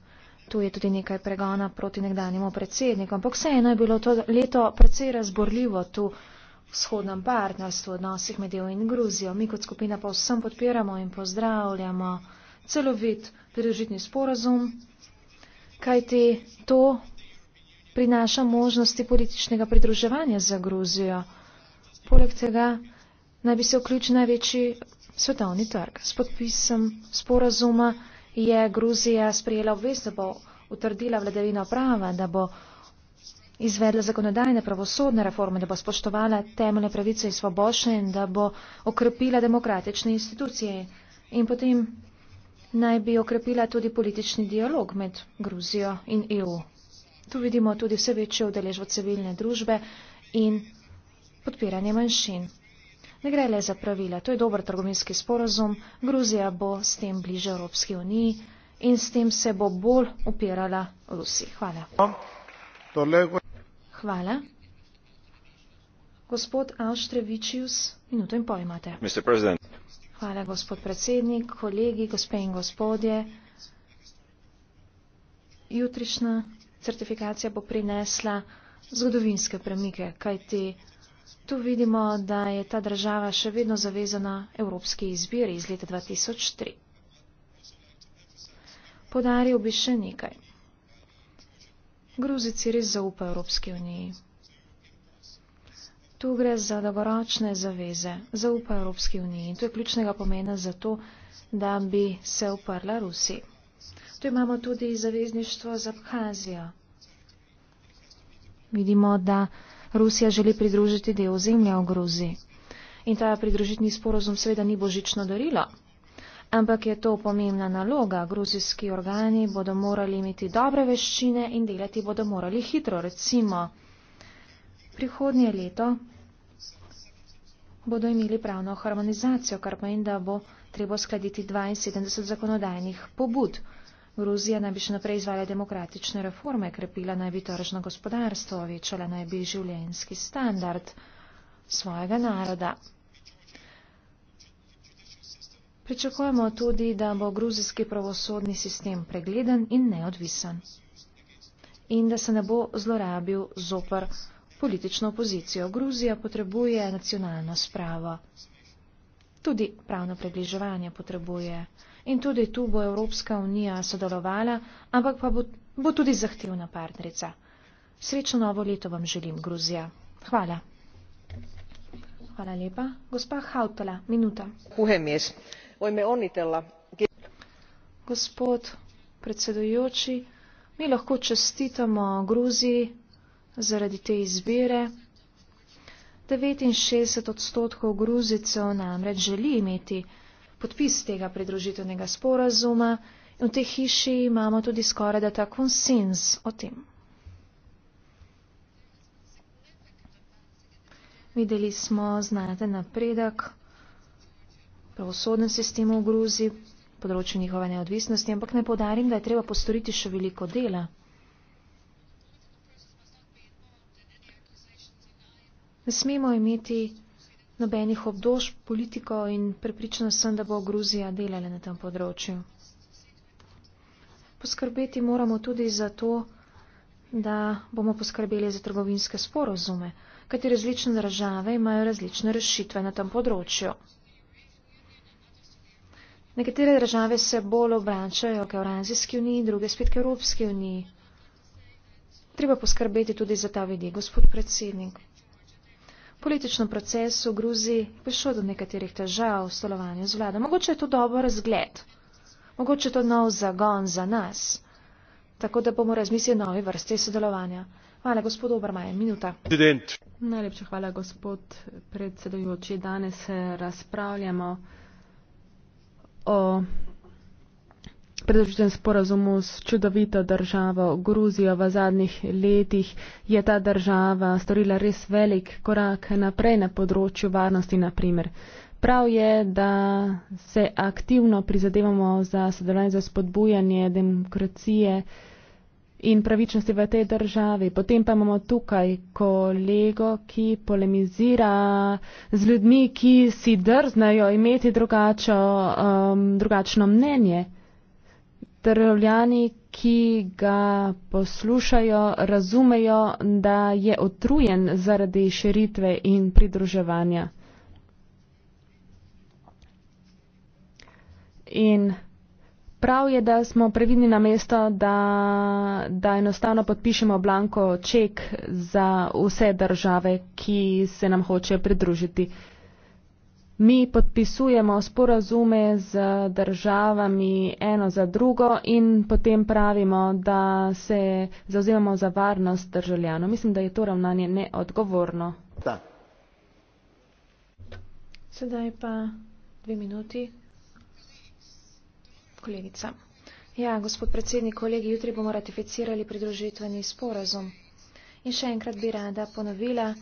Tu je tudi nekaj pregona proti nekdanjemu predsedniku, ampak vseeno je bilo to leto precej razborljivo tu v vzhodnem partnerstvu, odnosih med EU in Gruzijo. Mi kot skupina pa vsem podpiramo in pozdravljamo celovit pridružitni sporazum, kajti to prinaša možnosti političnega pridruževanja za Gruzijo. Poleg tega naj bi se vključil največji svetovni trg s podpisom sporazuma je Gruzija sprijela obvezno, bo utrdila vladavino prava, da bo izvedla zakonodajne pravosodne reforme, da bo spoštovala temeljne pravice in svobošnje in da bo okrepila demokratične institucije. In potem naj bi okrepila tudi politični dialog med Gruzijo in EU. Tu vidimo tudi vse večjo udeležbo civilne družbe in podpiranje manjšin. Ne gre le za pravila, to je dober trgovinski sporozum, Gruzija bo s tem bliže Evropski uniji in s tem se bo bolj upirala Rusi. Hvala. Hvala. Gospod Auštrevičius, minuto in pol imate. Hvala, gospod predsednik, kolegi, gospe in gospodje. Jutrišnja certifikacija bo prinesla zgodovinske premike, kajti Tu vidimo, da je ta država še vedno zavezana evropski izbiri iz leta 2003. Podaril bi še nekaj. Gruzici res zaupa Evropski uniji. Tu gre za dolgoročne zaveze, zaupa Evropski uniji in to je ključnega pomena za to, da bi se uprla Rusi. Tu imamo tudi zavezništvo z Abhazijo. Vidimo, da Rusija želi pridružiti del ozemlja v Gruziji. In ta pridružitni sporozum seveda ni božično darilo, ampak je to pomembna naloga. Gruzijski organi bodo morali imeti dobre veščine in delati bodo morali hitro. Recimo, prihodnje leto bodo imeli pravno harmonizacijo, kar pomeni, da bo treba skladiti 72 zakonodajnih pobud. Gruzija naj bi še naprej izvala demokratične reforme, krepila naj bi tržno gospodarstvo, večala naj bi življenjski standard svojega naroda. Pričakujemo tudi, da bo gruzijski pravosodni sistem pregleden in neodvisen in da se ne bo zlorabil zopr politično opozicijo. Gruzija potrebuje nacionalno spravo tudi pravno približevanje potrebuje. In tudi tu bo Evropska unija sodelovala, ampak pa bo, bo tudi zahtevna partnerica. Srečno novo leto vam želim, Gruzija. Hvala. Hvala lepa. Gospa Hautala, minuta. Puhemies. Ojme onitella. Gospod predsedujoči, mi lahko čestitamo Gruziji zaradi te izbire. 69 odstotkov Gruzicev namreč želi imeti podpis tega pridružitvenega sporazuma in v tej hiši imamo tudi skoraj da ta konsens o tem. Videli smo znaten napredek v pravosodnem sistemu v Gruzi, področju njihove neodvisnosti, ampak ne podarim, da je treba postoriti še veliko dela. Ne smemo imeti nobenih obdož politiko in prepričana sem, da bo Gruzija delala na tem področju. Poskrbeti moramo tudi za to, da bomo poskrbeli za trgovinske sporozume, kateri različne države imajo različne rešitve na tem področju. Nekatere države se bolj obračajo k Evrazijski uniji, druge spet k Evropski uniji. Treba poskrbeti tudi za ta vidi, gospod predsednik političnem procesu v Gruziji prišlo do nekaterih težav v stolovanju z vlado. Mogoče je to dober razgled, mogoče je to nov zagon za nas, tako da bomo razmislili nove vrste sodelovanja. Hvala, gospod Obermaj, minuta. Dident. Najlepša hvala, gospod predsedujoči. Danes eh, razpravljamo o predvsem sporazumu s čudovito državo Gruzijo v zadnjih letih, je ta država storila res velik korak naprej na področju varnosti, naprimer. Prav je, da se aktivno prizadevamo za sodelovanje, za spodbujanje demokracije in pravičnosti v tej državi. Potem pa imamo tukaj kolego, ki polemizira z ljudmi, ki si drznajo imeti drugačo, um, drugačno mnenje državljani, ki ga poslušajo, razumejo, da je otrujen zaradi širitve in pridruževanja. In prav je, da smo previdni na mesto, da, da enostavno podpišemo blanko ček za vse države, ki se nam hoče pridružiti. Mi podpisujemo sporazume z državami eno za drugo in potem pravimo, da se zauzemamo za varnost državljanov. Mislim, da je to ravnanje neodgovorno. Da. Sedaj pa dve minuti. Kolegica. Ja, gospod predsednik, kolegi, jutri bomo ratificirali pridružitveni sporazum. In še enkrat bi rada ponovila,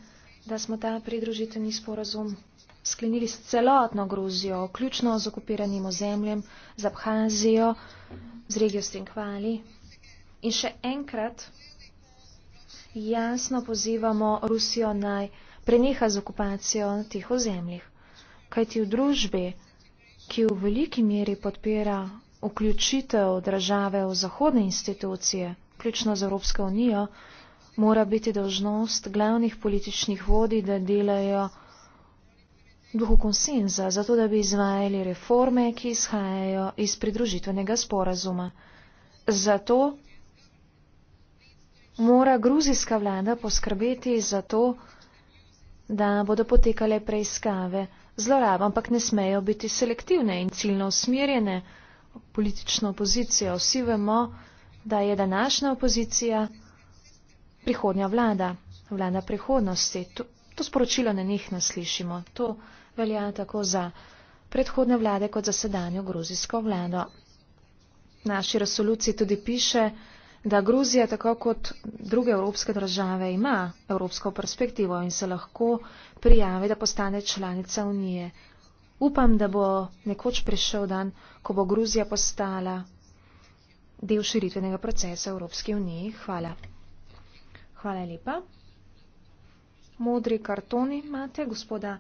da smo ta pridružitveni sporazum sklenili s celotno Gruzijo, vključno z okupiranim ozemljem, z Abhazijo, z regijo Stinkvali. In še enkrat jasno pozivamo Rusijo naj preneha z okupacijo na tih ozemljih. Kajti v družbi, ki v veliki meri podpira vključitev države v zahodne institucije, vključno z Evropsko unijo, mora biti dožnost glavnih političnih vodij, da delajo duhu konsenza, zato da bi izvajali reforme, ki izhajajo iz pridružitvenega sporazuma. Zato mora gruzijska vlada poskrbeti za to, da bodo potekale preiskave zlorab, ampak ne smejo biti selektivne in ciljno usmerjene politično opozicijo. Vsi vemo, da je današnja opozicija prihodnja vlada, vlada prihodnosti. To sporočilo ne njih naslišimo. To velja tako za predhodne vlade kot za sedanjo gruzijsko vlado. V naši resoluciji tudi piše, da Gruzija, tako kot druge evropske države, ima evropsko perspektivo in se lahko prijavi, da postane članica unije. Upam, da bo nekoč prišel dan, ko bo Gruzija postala del širitvenega procesa v Evropski uniji. Hvala. Hvala lepa modri kartoni imate, gospoda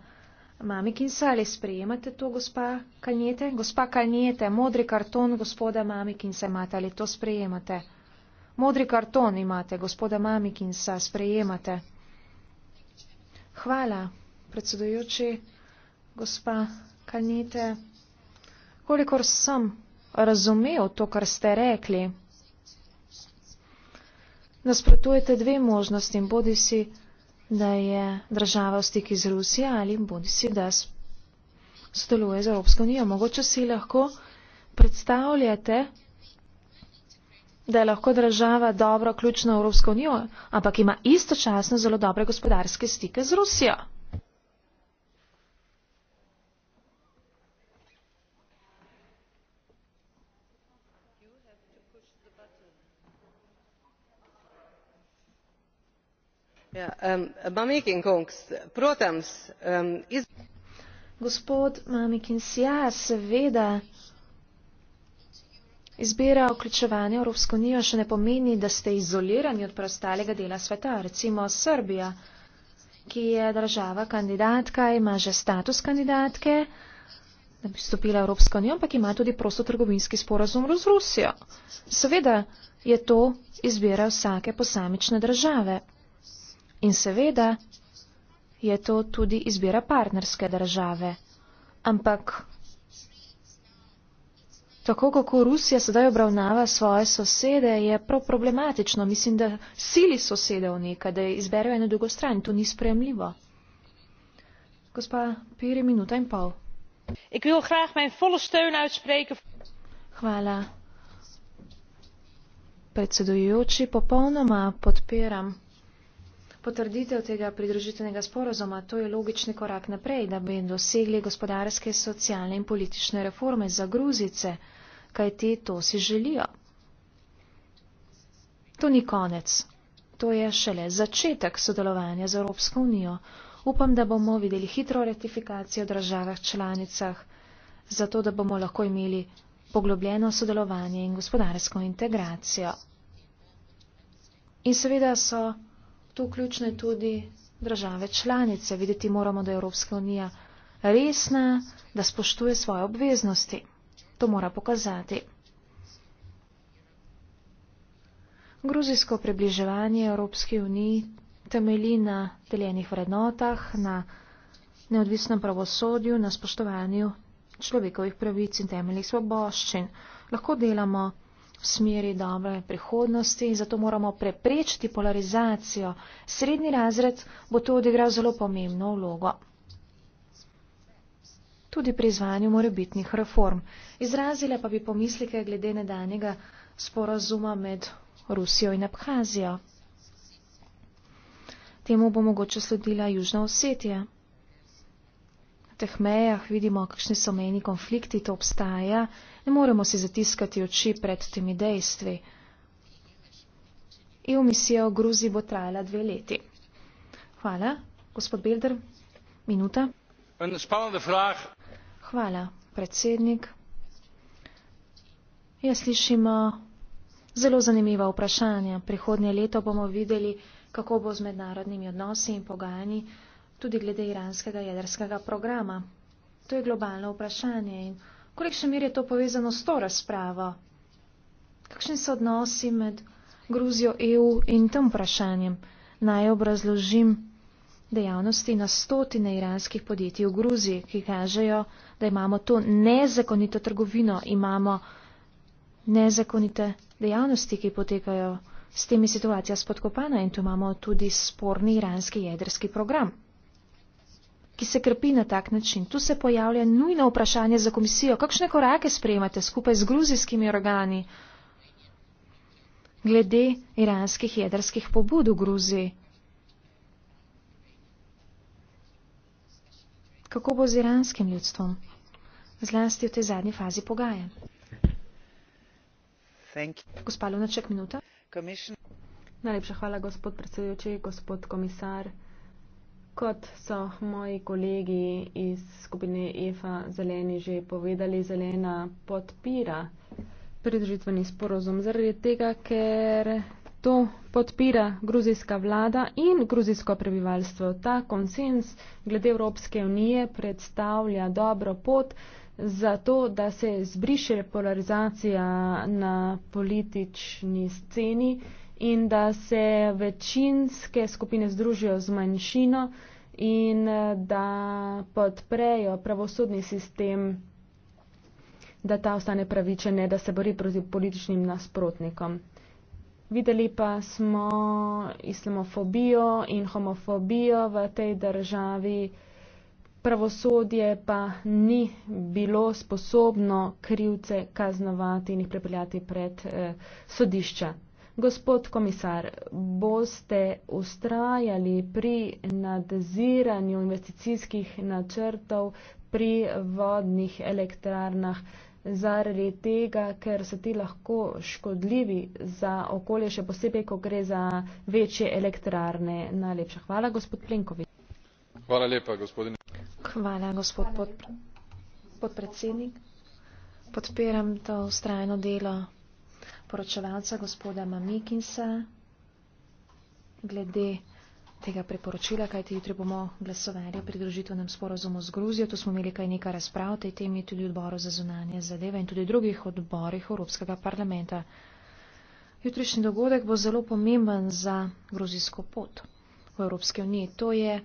Mamikinsa, ali sprejemate to, gospa Kaljete? Gospa Kaljete, modri karton gospoda Mamikinsa imate, ali to sprejemate? Modri karton imate, gospoda Mamikinsa, sprejemate. Hvala, predsedujoči, gospa Kaljete. Kolikor sem razumel to, kar ste rekli, nasprotujete dve možnosti, bodi si da je država v stiki z Rusijo ali bodi si, da sodeluje z Evropsko unijo. Mogoče si lahko predstavljate, da je lahko država dobro ključna v Evropsko unijo, ampak ima istočasno zelo dobre gospodarske stike z Rusijo. Ja, Gospod Mamikins, ja, seveda, izbira vključevanja Evropsko unijo še ne pomeni, da ste izolirani od preostalega dela sveta. Recimo Srbija, ki je država kandidatka, ima že status kandidatke, da bi vstopila Evropsko unijo, ampak ima tudi prostotrgovinski sporazum z Rusijo. Seveda je to izbira vsake posamične države. In seveda je to tudi izbira partnerske države. Ampak tako, kako Rusija sedaj obravnava svoje sosede, je prav problematično. Mislim, da sili sosede v nekaj, da izberejo eno drugo stran. To ni spremljivo. Gospa Piri, minuta in pol. Ik wil graag mijn volle steun uitspreken. Hvala. Predsedujoči, popolnoma podpiram potrditev tega pridružitvenega sporozuma, to je logični korak naprej, da bi dosegli gospodarske, socialne in politične reforme za Gruzice, kaj ti to si želijo. To ni konec, to je šele začetek sodelovanja z Evropsko unijo. Upam, da bomo videli hitro ratifikacijo v državah članicah, zato da bomo lahko imeli poglobljeno sodelovanje in gospodarsko integracijo. In seveda so tu ključne tudi države članice. Videti moramo, da je Evropska unija resna, da spoštuje svoje obveznosti. To mora pokazati. Gruzijsko približevanje Evropski uniji temelji na deljenih vrednotah, na neodvisnem pravosodju, na spoštovanju človekovih pravic in temeljnih svoboščin. Lahko delamo v smeri dobre prihodnosti in zato moramo preprečiti polarizacijo. Srednji razred bo to odigral zelo pomembno vlogo. Tudi pri izvanju morebitnih reform. Izrazile pa bi pomislike glede nedanjega sporazuma med Rusijo in Abhazijo. Temu bo mogoče sledila Južna Osetija. Na teh mejah vidimo, kakšni so meni konflikti, to obstaja. Ne moremo si zatiskati oči pred temi dejstvi. EU misija v Gruziji bo trajala dve leti. Hvala, gospod Belder. Minuta. Hvala, predsednik. Jaz slišim zelo zanimiva vprašanja. Prihodnje leto bomo videli, kako bo z mednarodnimi odnosi in pogajanji tudi glede iranskega jedrskega programa. To je globalno vprašanje in vprašanje. Kolikšen mir je to povezano s to razpravo? Kakšni so odnosi med Gruzijo EU in tem vprašanjem? Naj obrazložim dejavnosti na stotine iranskih podjetij v Gruziji, ki kažejo, da imamo to nezakonito trgovino, imamo nezakonite dejavnosti, ki potekajo. S tem je situacija spodkopana in tu imamo tudi sporni iranski jedrski program ki se krepi na tak način. Tu se pojavlja nujno vprašanje za komisijo, kakšne korake sprejemate skupaj z gruzijskimi organi glede iranskih jedrskih pobud v Gruziji. Kako bo z iranskim ljudstvom, zlasti v tej zadnji fazi pogajanj? Gospod Lunaček, minuta. Najlepša hvala, gospod predsedujoči, gospod komisar. Kot so moji kolegi iz skupine EFA Zeleni že povedali, Zelena podpira pridružitveni sporozum zaradi tega, ker to podpira gruzijska vlada in gruzijsko prebivalstvo. Ta konsens glede Evropske unije predstavlja dobro pot za to, da se zbriše polarizacija na politični sceni in da se večinske skupine združijo z manjšino in eh, da podprejo pravosodni sistem, da ta ostane pravičen, da se bori proti političnim nasprotnikom. Videli pa smo islamofobijo in homofobijo v tej državi. Pravosodje pa ni bilo sposobno krivce kaznovati in jih prepeljati pred eh, sodišča. Gospod komisar, boste ustrajali pri nadziranju investicijskih načrtov pri vodnih elektrarnah zaradi tega, ker so ti lahko škodljivi za okolje, še posebej, ko gre za večje elektrarne. Najlepša hvala, gospod Plenković. Hvala lepa, gospodine. Hvala, gospod pod, podpredsednik. Podpiram to ustrajno delo poročevalca gospoda Mamikinsa glede tega priporočila, kajte jutri bomo glasovali o pridružitvenem sporozumu z Gruzijo. Tu smo imeli kaj nekaj razprav o tej temi tudi odboru za zunanje zadeve in tudi drugih odborih Evropskega parlamenta. Jutrišnji dogodek bo zelo pomemben za gruzijsko pot v Evropski uniji. To je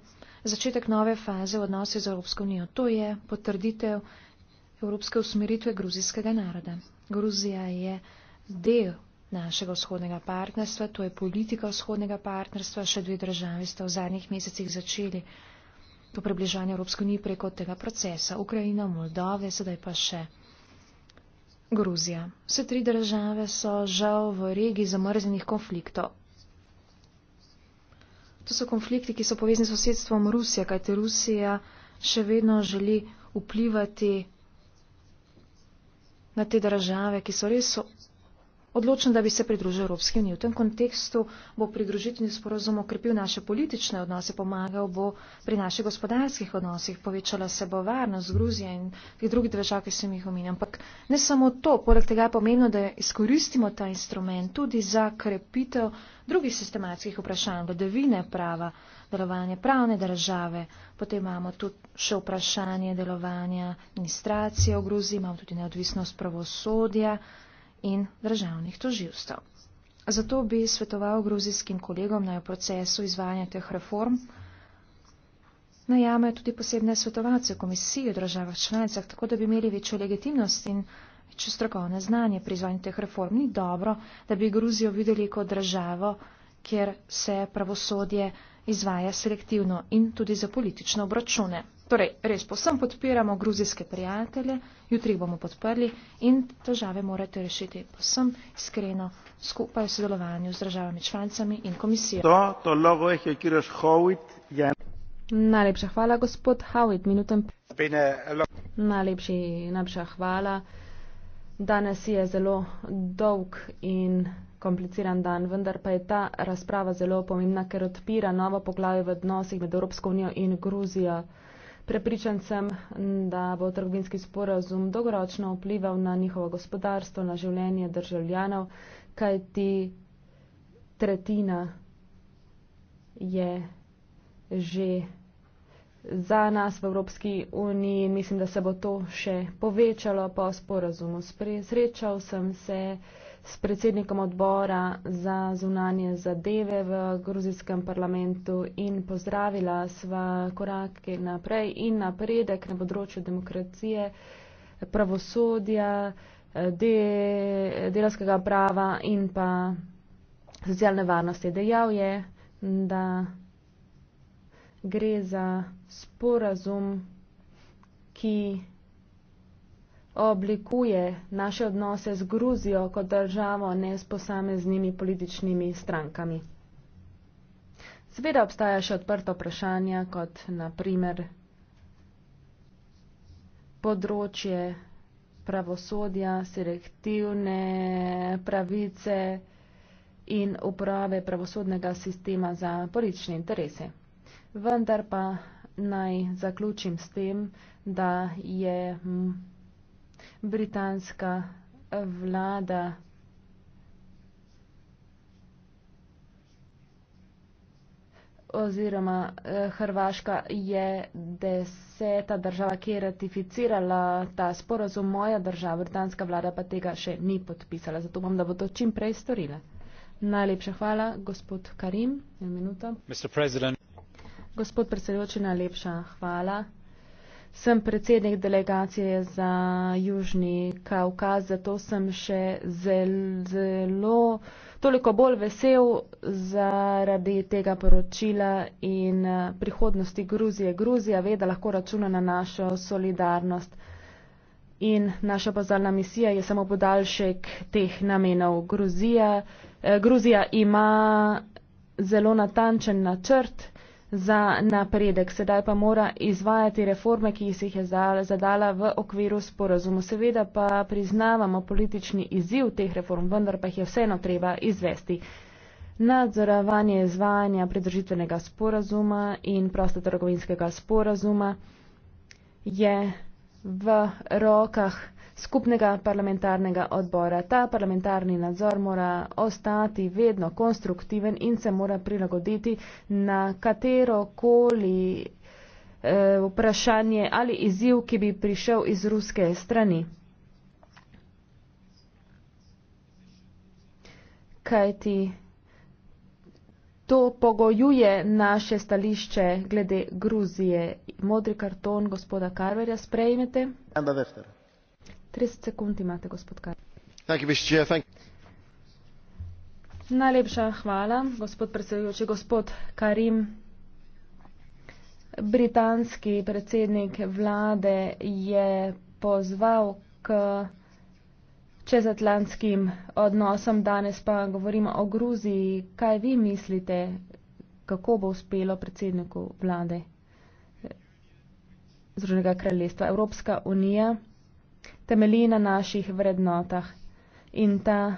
začetek nove faze v odnosih z Evropsko unijo. To je potrditev evropske usmeritve gruzijskega naroda. Gruzija je del našega vzhodnega partnerstva, to je politika vzhodnega partnerstva, še dve državi sta v zadnjih mesecih začeli to približanje Evropske unije preko tega procesa. Ukrajina, Moldove, sedaj pa še Gruzija. Vse tri države so žal v regiji zamrznjenih konfliktov. To so konflikti, ki so povezani s sosedstvom Rusije, kajte Rusija še vedno želi vplivati na te države, ki so res odločen, da bi se pridružil Evropski uniji. V tem kontekstu bo pridružitni sporozum okrepil naše politične odnose, pomagal bo pri naših gospodarskih odnosih, povečala se bo varnost Gruzije in tih drugih držav, ki sem jih omenjal. Ampak ne samo to, poleg tega je pomembno, da izkoristimo ta instrument tudi za krepitev drugih sistematskih vprašanj, vladavine prava, delovanje pravne države, potem imamo tu še vprašanje delovanja administracije v Gruziji, imamo tudi neodvisnost pravosodja in državnih toživstv. Zato bi svetoval gruzijskim kolegom na procesu izvajanja teh reform, najamejo tudi posebne svetovalce komisije v državah članicah, tako da bi imeli večjo legitimnost in večjo strokovne znanje pri izvajanju teh reform. Ni dobro, da bi Gruzijo videli kot državo, kjer se pravosodje izvaja selektivno in tudi za politično obračune. Torej, res, posem podpiramo gruzijske prijatelje, jutri jih bomo podprli in težave morate rešiti posem iskreno, skupaj v sodelovanju z državami članicami in komisijo. To, to logo je, je kjer šhovit, je. Najlepša hvala, gospod Howitt, minutem. Najlepši, najlepša hvala. Danes je zelo dolg in kompliciran dan, vendar pa je ta razprava zelo pomembna, ker odpira novo poglavje v odnosih med Evropsko unijo in Gruzijo. Prepričan sem, da bo trgovinski sporazum dolgoročno vplival na njihovo gospodarstvo, na življenje državljanov, kaj ti tretjina je že za nas v Evropski uniji. Mislim, da se bo to še povečalo po sporazumu. Srečal sem se s predsednikom odbora za zunanje zadeve v gruzijskem parlamentu in pozdravila sva korake naprej in napredek na področju demokracije, pravosodja, de, delarskega prava in pa socialne varnosti. Dejal je, da gre za sporazum, ki oblikuje naše odnose z Gruzijo kot državo, ne s posameznimi političnimi strankami. Seveda obstaja še odprto vprašanje, kot naprimer področje pravosodja, selektivne pravice in uprave pravosodnega sistema za politične interese. Vendar pa naj zaključim s tem, da je. Hm, britanska eh, vlada oziroma eh, Hrvaška je deseta država, ki je ratificirala ta sporozum, moja država, britanska vlada pa tega še ni podpisala. Zato bom, da bo to čim prej storila. Najlepša hvala, gospod Karim. Minuto. Gospod predsedujoči, najlepša hvala. Sem predsednik delegacije za Južni Kaukaz, zato sem še zelo, zelo toliko bolj vesel zaradi tega poročila in eh, prihodnosti Gruzije. Gruzija ve, da lahko računa na našo solidarnost. In naša bazalna misija je samo podaljšek teh namenov. Gruzija, eh, Gruzija ima zelo natančen načrt za napredek. Sedaj pa mora izvajati reforme, ki jih je zadala v okviru sporazumu. Seveda pa priznavamo politični izziv teh reform, vendar pa jih je vseeno treba izvesti. Nadzorovanje izvajanja pridržitvenega sporazuma in prostotrgovinskega sporazuma je v rokah skupnega parlamentarnega odbora. Ta parlamentarni nadzor mora ostati vedno konstruktiven in se mora prilagoditi na katero koli eh, vprašanje ali izziv, ki bi prišel iz ruske strani. Kaj ti to pogojuje naše stališče glede Gruzije? Modri karton gospoda Karverja sprejmete. Andavester. 30 sekund imate, gospod Kar. Thank you, Mr. Chair. Thank Najlepša hvala, gospod predsedujoči. Gospod Karim, britanski predsednik vlade je pozval k čezatlantskim odnosom, danes pa govorimo o Gruziji. Kaj vi mislite, kako bo uspelo predsedniku vlade Združenega kraljestva? Evropska unija temelji na naših vrednotah. In ta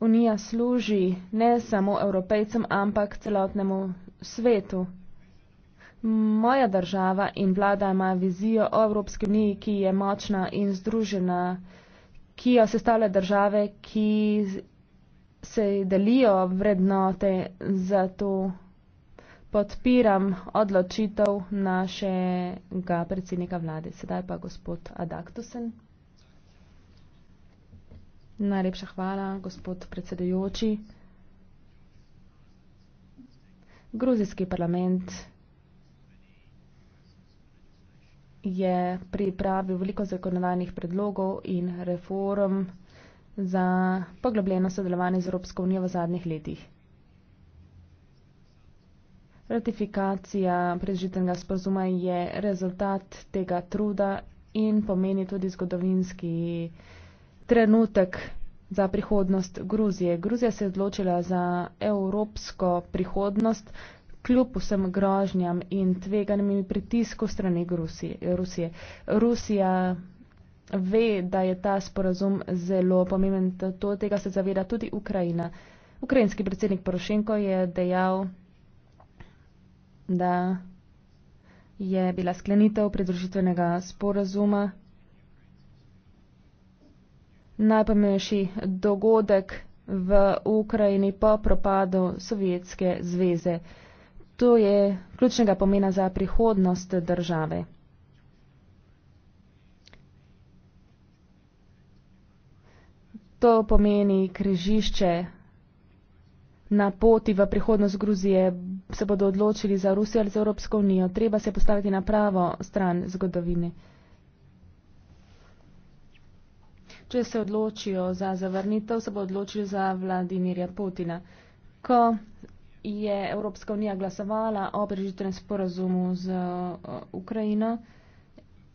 unija služi ne samo evropejcem, ampak celotnemu svetu. Moja država in vlada ima vizijo o Evropski uniji, ki je močna in združena, ki jo sestavlja države, ki se delijo vrednote za to podpiram odločitev našega predsednika vlade. Sedaj pa gospod Adaktusen. Najlepša hvala, gospod predsedujoči. Gruzijski parlament je pripravil veliko zakonodajnih predlogov in reform za poglobljeno sodelovanje z Evropsko unijo v zadnjih letih. Ratifikacija prežitega sporozuma je rezultat tega truda in pomeni tudi zgodovinski trenutek za prihodnost Gruzije. Gruzija se je odločila za evropsko prihodnost kljub vsem grožnjam in tveganim pritisku strani Rusije. Rusija ve, da je ta sporozum zelo pomemben, to tega se zaveda tudi Ukrajina. Ukrajinski predsednik Porošenko je dejal, da je bila sklenitev pridružitvenega sporazuma najpomembnejši dogodek v Ukrajini po propadu Sovjetske zveze. To je ključnega pomena za prihodnost države. To pomeni križišče na poti v prihodnost Gruzije se bodo odločili za Rusijo ali za Evropsko unijo. Treba se postaviti na pravo stran zgodovine. Če se odločijo za zavrnitev, se bo odločili za Vladimirja Putina. Ko je Evropska unija glasovala o prežitvenem sporazumu z uh, Ukrajino,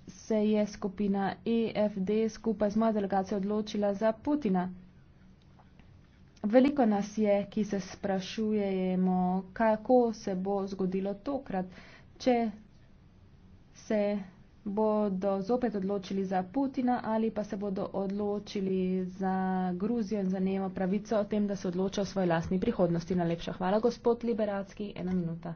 se je skupina EFD skupaj z mojo delegacijo odločila za Putina. Veliko nas je, ki se sprašujemo, kako se bo zgodilo tokrat, če se bodo zopet odločili za Putina ali pa se bodo odločili za Gruzijo in za njeno pravico o tem, da se odloča o svoji lastni prihodnosti. Najlepša hvala, gospod Liberacki. Ena minuta.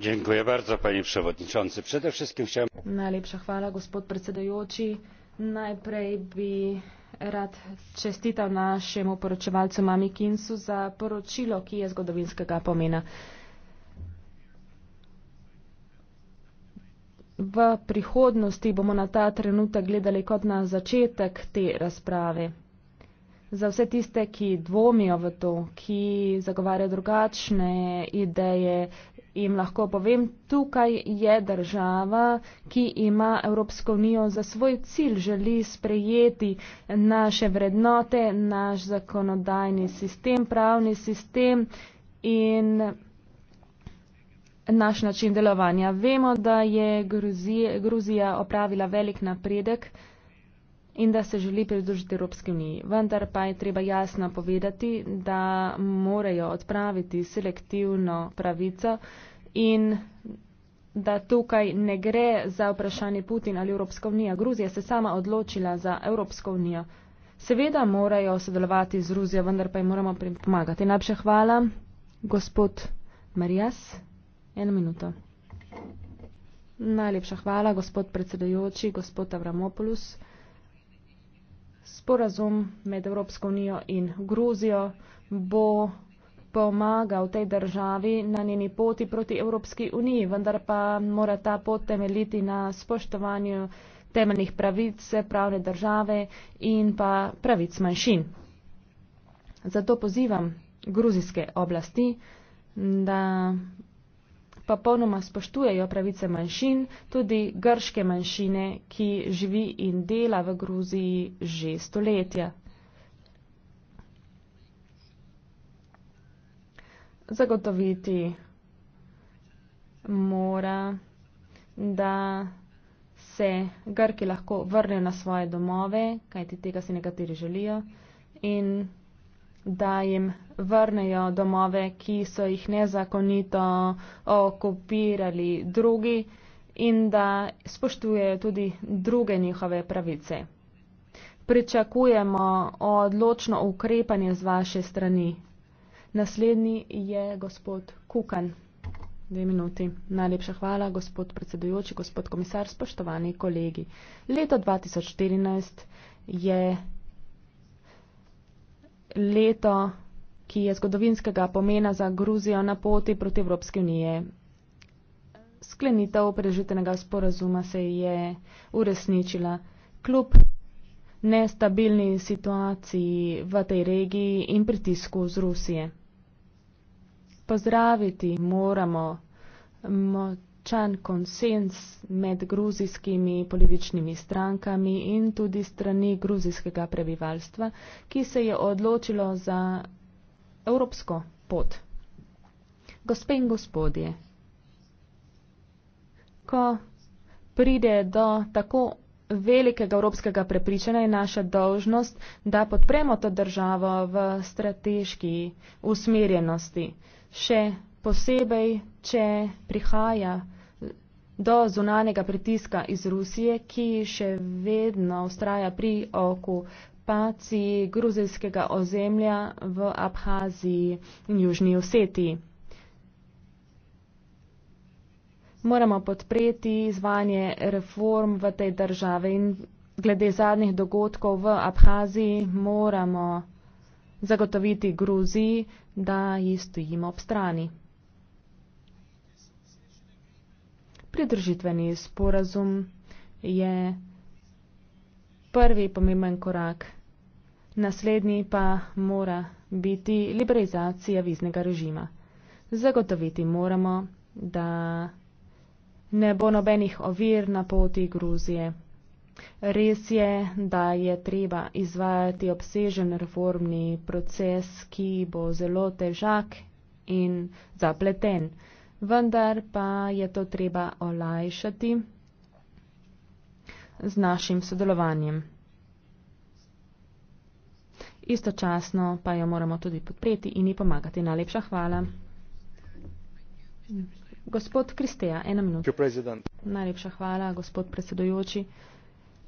Dziękuję bardzo, panie przewodniczący. Przede wszystkim chciałem. Najlepsza chwała, gospod przewodniczący. Najpierw bi rad čestital našemu poročevalcu Mami Kinsu za poročilo, ki je zgodovinskega pomena. V prihodnosti bomo na ta trenutek gledali kot na začetek te razprave. Za vse tiste, ki dvomijo v to, ki zagovarjajo drugačne ideje, jim lahko povem, tukaj je država, ki ima Evropsko unijo za svoj cilj, želi sprejeti naše vrednote, naš zakonodajni sistem, pravni sistem in naš način delovanja. Vemo, da je Gruzija opravila velik napredek in da se želi pridružiti Evropski uniji. Vendar pa je treba jasno povedati, da morajo odpraviti selektivno pravico in da tukaj ne gre za vprašanje Putin ali Evropska unija. Gruzija se sama odločila za Evropsko unijo. Seveda morajo sodelovati z Gruzijo, vendar pa jim moramo pomagati. Najlepša hvala, gospod Marijas. Eno minuto. Najlepša hvala, gospod predsedujoči, gospod Avramopoulos sporazum med Evropsko unijo in Gruzijo bo pomagal tej državi na njeni poti proti Evropski uniji, vendar pa mora ta pot temeljiti na spoštovanju temeljnih pravic pravne države in pa pravic manjšin. Zato pozivam gruzijske oblasti, da pa polnoma spoštujejo pravice manjšin, tudi grške manjšine, ki živi in dela v Gruziji že stoletja. Zagotoviti mora, da se Grki lahko vrnejo na svoje domove, kajti tega si nekateri želijo, in da jim vrnejo domove, ki so jih nezakonito okupirali drugi in da spoštujejo tudi druge njihove pravice. Pričakujemo odločno ukrepanje z vaše strani. Naslednji je gospod Kukan. Dve minuti. Najlepša hvala, gospod predsedujoči, gospod komisar, spoštovani kolegi. Leto 2014 je leto, ki je zgodovinskega pomena za Gruzijo na poti proti Evropski unije. Sklenitev prežitenega sporazuma se je uresničila. Kljub nestabilni situaciji v tej regiji in pritisku z Rusije. Pozdraviti moramo mot močan konsens med gruzijskimi političnimi strankami in tudi strani gruzijskega prebivalstva, ki se je odločilo za evropsko pot. Gospe in gospodje, ko pride do tako velikega evropskega prepričanja je naša dolžnost, da podpremo to državo v strateški usmerjenosti. Še posebej, če prihaja do zunanega pritiska iz Rusije, ki še vedno ustraja pri okupaciji gruzijskega ozemlja v Abhaziji in Južni Osetiji. Moramo podpreti izvanje reform v tej državi in glede zadnjih dogodkov v Abhaziji moramo zagotoviti Gruziji, da ji stojimo ob strani. Pridržitveni sporazum je prvi pomemben korak, naslednji pa mora biti liberalizacija viznega režima. Zagotoviti moramo, da ne bo nobenih ovir na poti Gruzije. Res je, da je treba izvajati obsežen reformni proces, ki bo zelo težak in zapleten vendar pa je to treba olajšati z našim sodelovanjem. Istočasno pa jo moramo tudi podpreti in ji pomagati. Najlepša hvala. Gospod Kristeja, ena minuta. Najlepša hvala, gospod predsedujoči.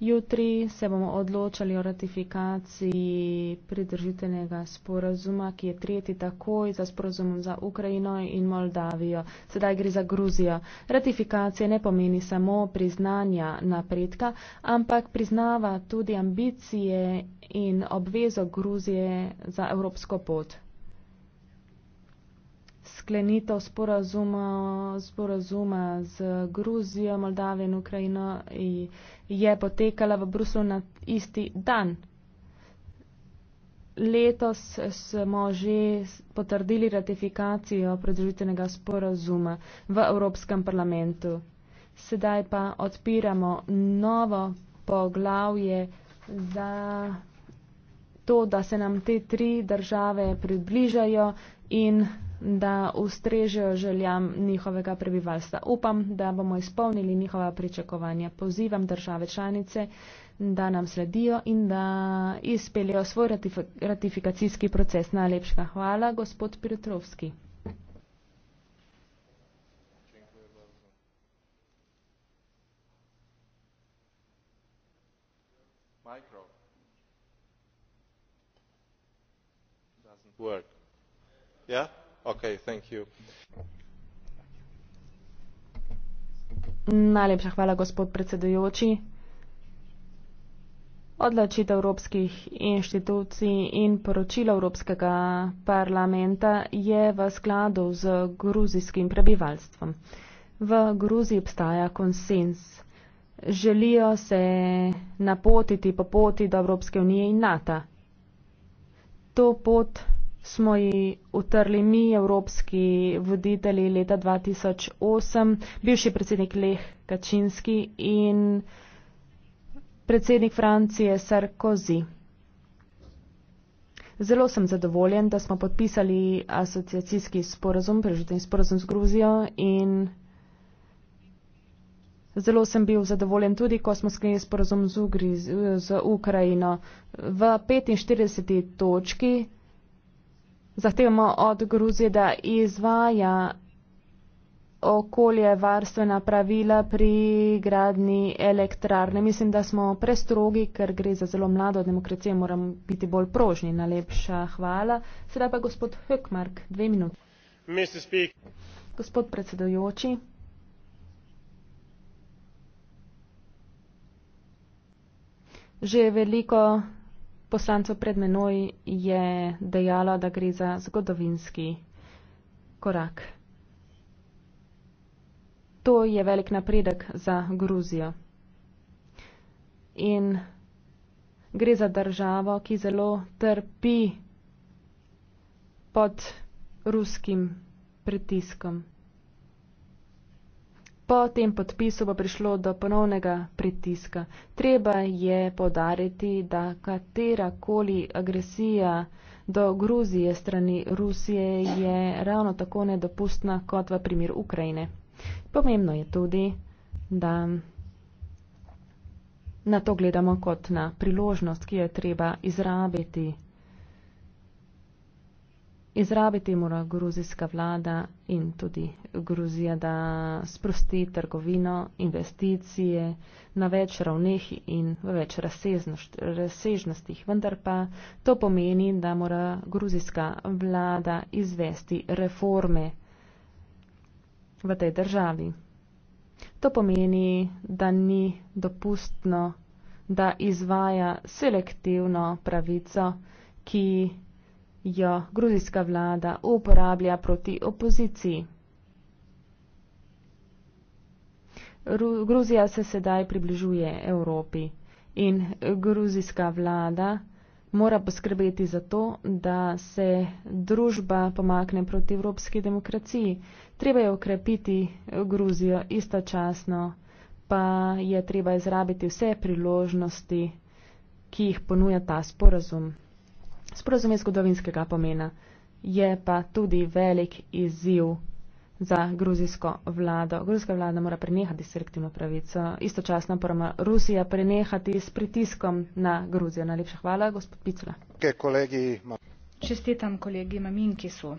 Jutri se bomo odločali o ratifikaciji pridržitelnega sporazuma, ki je tretji takoj za sporazumom za Ukrajino in Moldavijo. Sedaj gre za Gruzijo. Ratifikacija ne pomeni samo priznanja napredka, ampak priznava tudi ambicije in obvezo Gruzije za evropsko pot sklenitev sporazuma, sporazuma z Gruzijo, Moldavijo in Ukrajino je potekala v Bruslu na isti dan. Letos smo že potrdili ratifikacijo predružitvenega sporazuma v Evropskem parlamentu. Sedaj pa odpiramo novo poglavje za to, da se nam te tri države približajo in da ustrežejo željam njihovega prebivalstva. Upam, da bomo izpolnili njihova pričakovanja. Pozivam države članice, da nam sledijo in da izpeljejo svoj ratif ratifikacijski proces. Najlepša hvala, gospod Piretrovski. Work. Yeah? Najlepša hvala, gospod predsedujoči. Odločitev evropskih inštitucij in poročilo Evropskega parlamenta je v skladu z gruzijskim prebivalstvom. V Gruziji obstaja konsens. Želijo se napotiti po poti do Evropske unije in NATO. To pot smo ji utrli mi, evropski voditelji leta 2008, bivši predsednik Leh Kačinski in predsednik Francije Sarkozy. Zelo sem zadovoljen, da smo podpisali asociacijski sporazum, prežitni sporazum z Gruzijo in zelo sem bil zadovoljen tudi, ko smo sklenili sporazum z, Ugriz, z Ukrajino. V 45. točki zahtevamo od Gruzije, da izvaja okolje varstvena pravila pri gradni elektrarne. Mislim, da smo prestrogi, ker gre za zelo mlado demokracijo, moramo biti bolj prožni. Najlepša hvala. Sedaj pa gospod Hökmark, dve minute. Gospod predsedujoči. Že veliko poslancev pred menoj je dejala, da gre za zgodovinski korak. To je velik napredek za Gruzijo. In gre za državo, ki zelo trpi pod ruskim pritiskom. Po tem podpisu bo prišlo do ponovnega pritiska. Treba je podariti, da katerakoli agresija do Gruzije strani Rusije je ravno tako nedopustna kot v primer Ukrajine. Pomembno je tudi, da na to gledamo kot na priložnost, ki jo treba izrabiti izrabiti mora gruzijska vlada in tudi Gruzija, da sprosti trgovino, investicije na več ravneh in v več razsežnostih. Vendar pa to pomeni, da mora gruzijska vlada izvesti reforme v tej državi. To pomeni, da ni dopustno, da izvaja selektivno pravico, ki jo gruzijska vlada uporablja proti opoziciji. Ru Gruzija se sedaj približuje Evropi in gruzijska vlada mora poskrbeti za to, da se družba pomakne proti evropski demokraciji. Treba je ukrepiti Gruzijo istočasno, pa je treba izrabiti vse priložnosti, ki jih ponuja ta sporazum sporozum je zgodovinskega pomena. Je pa tudi velik izziv za gruzijsko vlado. Gruzijska vlada mora prenehati s selektivno pravico, istočasno pa mora Rusija prenehati s pritiskom na Gruzijo. Najlepša hvala, gospod Picula. Čestitam kolegi Maminkisu.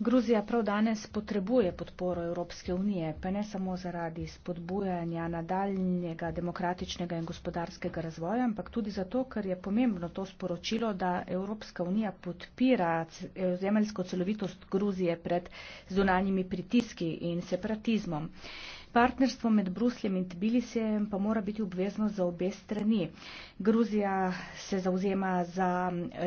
Gruzija prav danes potrebuje podporo Evropske unije, pa ne samo zaradi spodbujanja nadaljnjega demokratičnega in gospodarskega razvoja, ampak tudi zato, ker je pomembno to sporočilo, da Evropska unija podpira eh, zemeljsko celovitost Gruzije pred zunanjimi pritiski in separatizmom. Partnerstvo med Brusljem in Tbilisijem pa mora biti obvezno za obe strani. Gruzija se zauzema za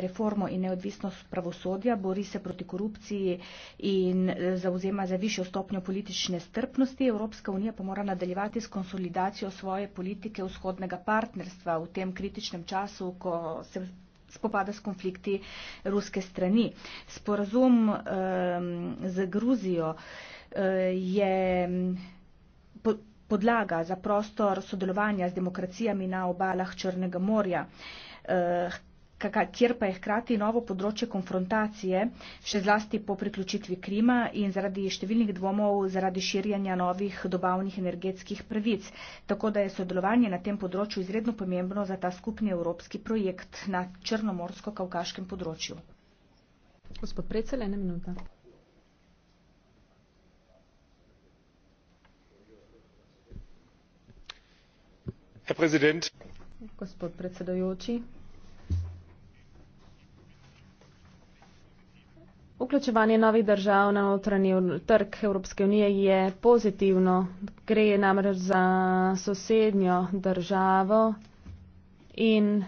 reformo in neodvisnost pravosodja, bori se proti korupciji in e, zauzema za višjo stopnjo politične strpnosti. Evropska unija pa mora nadaljevati s konsolidacijo svoje politike vzhodnega partnerstva v tem kritičnem času, ko se spopada s konflikti ruske strani. Sporazum um, z Gruzijo um, je podlaga za prostor sodelovanja z demokracijami na obalah Črnega morja, eh, kjer pa je hkrati novo področje konfrontacije, še zlasti po priključitvi Krima in zaradi številnih dvomov zaradi širjanja novih dobavnih energetskih pravic. Tako da je sodelovanje na tem področju izredno pomembno za ta skupni evropski projekt na črnomorsko-kavkaškem področju. Gospod predsedaj, ena minuta. gospod predsedujoči. Vključevanje novih držav na notranji trg Evropske unije je pozitivno, gre namreč za sosednjo državo in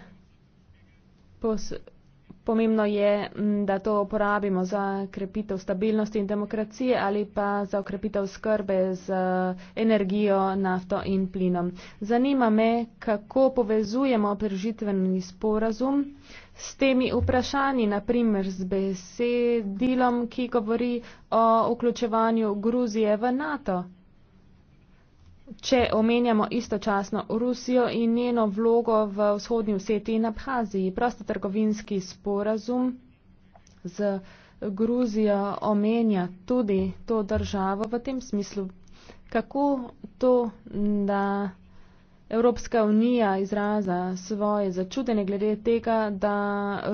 posebno Pomembno je, da to uporabimo za krepitev stabilnosti in demokracije ali pa za okrepitev skrbe z eh, energijo, nafto in plinom. Zanima me, kako povezujemo pržitveni sporazum s temi vprašanji, naprimer z besedilom, ki govori o vključevanju Gruzije v NATO če omenjamo istočasno Rusijo in njeno vlogo v vzhodnji vseti in Abhaziji. Prostotrgovinski sporazum z Gruzijo omenja tudi to državo v tem smislu. Kako to, da Evropska unija izraza svoje začudenje glede tega, da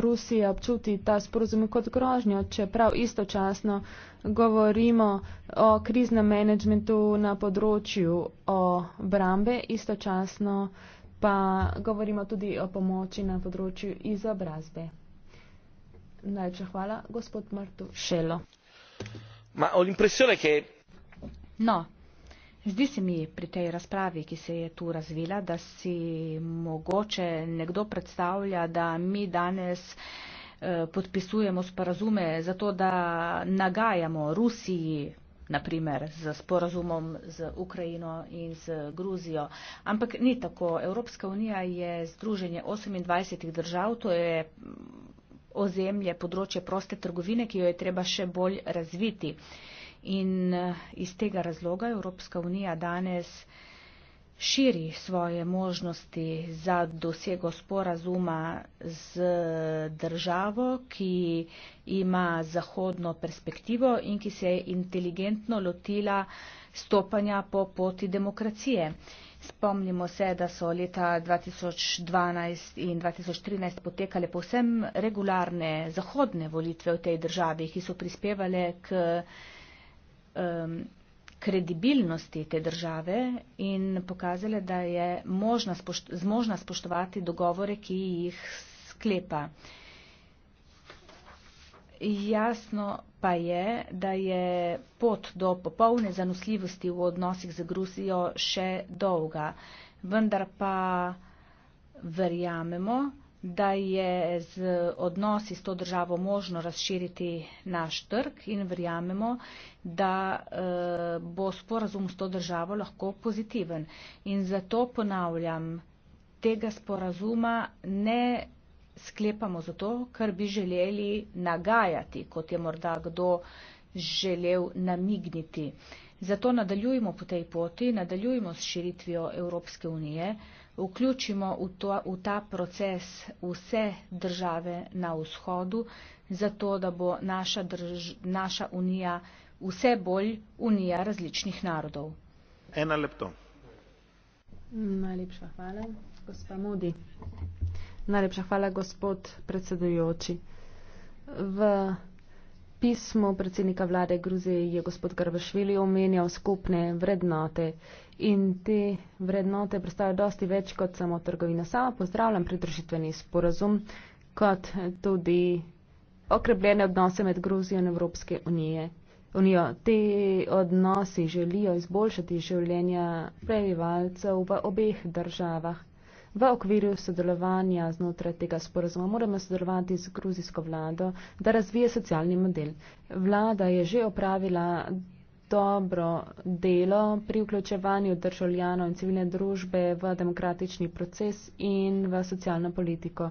Rusija občuti ta sporozum kot grožnjo, čeprav istočasno govorimo o kriznem menedžmentu na področju obrambe, istočasno pa govorimo tudi o pomoči na področju izobrazbe. Najče hvala, gospod Martu Šelo. Ma, che... No, zdi se mi pri tej razpravi, ki se je tu razvila, da si mogoče nekdo predstavlja, da mi danes Eh, podpisujemo sporazume zato, da nagajamo Rusiji, naprimer, z sporazumom z Ukrajino in z Gruzijo. Ampak ni tako. Evropska unija je združenje 28 držav, to je ozemlje, področje proste trgovine, ki jo je treba še bolj razviti. In eh, iz tega razloga Evropska unija danes širi svoje možnosti za dosego sporazuma z državo, ki ima zahodno perspektivo in ki se je inteligentno lotila stopanja po poti demokracije. Spomnimo se, da so leta 2012 in 2013 potekale povsem regularne zahodne volitve v tej državi, ki so prispevale k um, kredibilnosti te države in pokazale, da je možna spošt, zmožna spoštovati dogovore, ki jih sklepa. Jasno pa je, da je pot do popolne zanosljivosti v odnosih z Gruzijo še dolga, vendar pa verjamemo, da je z odnosi s to državo možno razširiti naš trg in verjamemo, da eh, bo sporazum s to državo lahko pozitiven. In zato ponavljam, tega sporazuma ne sklepamo zato, ker bi želeli nagajati, kot je morda kdo želel namigniti. Zato nadaljujemo po tej poti, nadaljujemo s širitvijo Evropske unije, vključimo v, to, v ta proces vse države na vzhodu, zato da bo naša, drž, naša unija vse bolj unija različnih narodov. Ena lepto. Najlepša hvala, gospa Modi. Najlepša hvala, gospod predsedujoči. V pismu predsednika vlade Gruzije je gospod Grbašvili omenjal skupne vrednote in te vrednote predstavlja dosti več kot samo trgovina. Sama pozdravljam pridružitveni sporazum, kot tudi okrepljene odnose med Gruzijo in Evropske unije. Unijo. Te odnosi želijo izboljšati življenja prebivalcev v obeh državah. V okviru sodelovanja znotraj tega sporozuma moramo sodelovati z gruzijsko vlado, da razvije socialni model. Vlada je že opravila dobro delo pri vključevanju državljanov in civilne družbe v demokratični proces in v socialno politiko.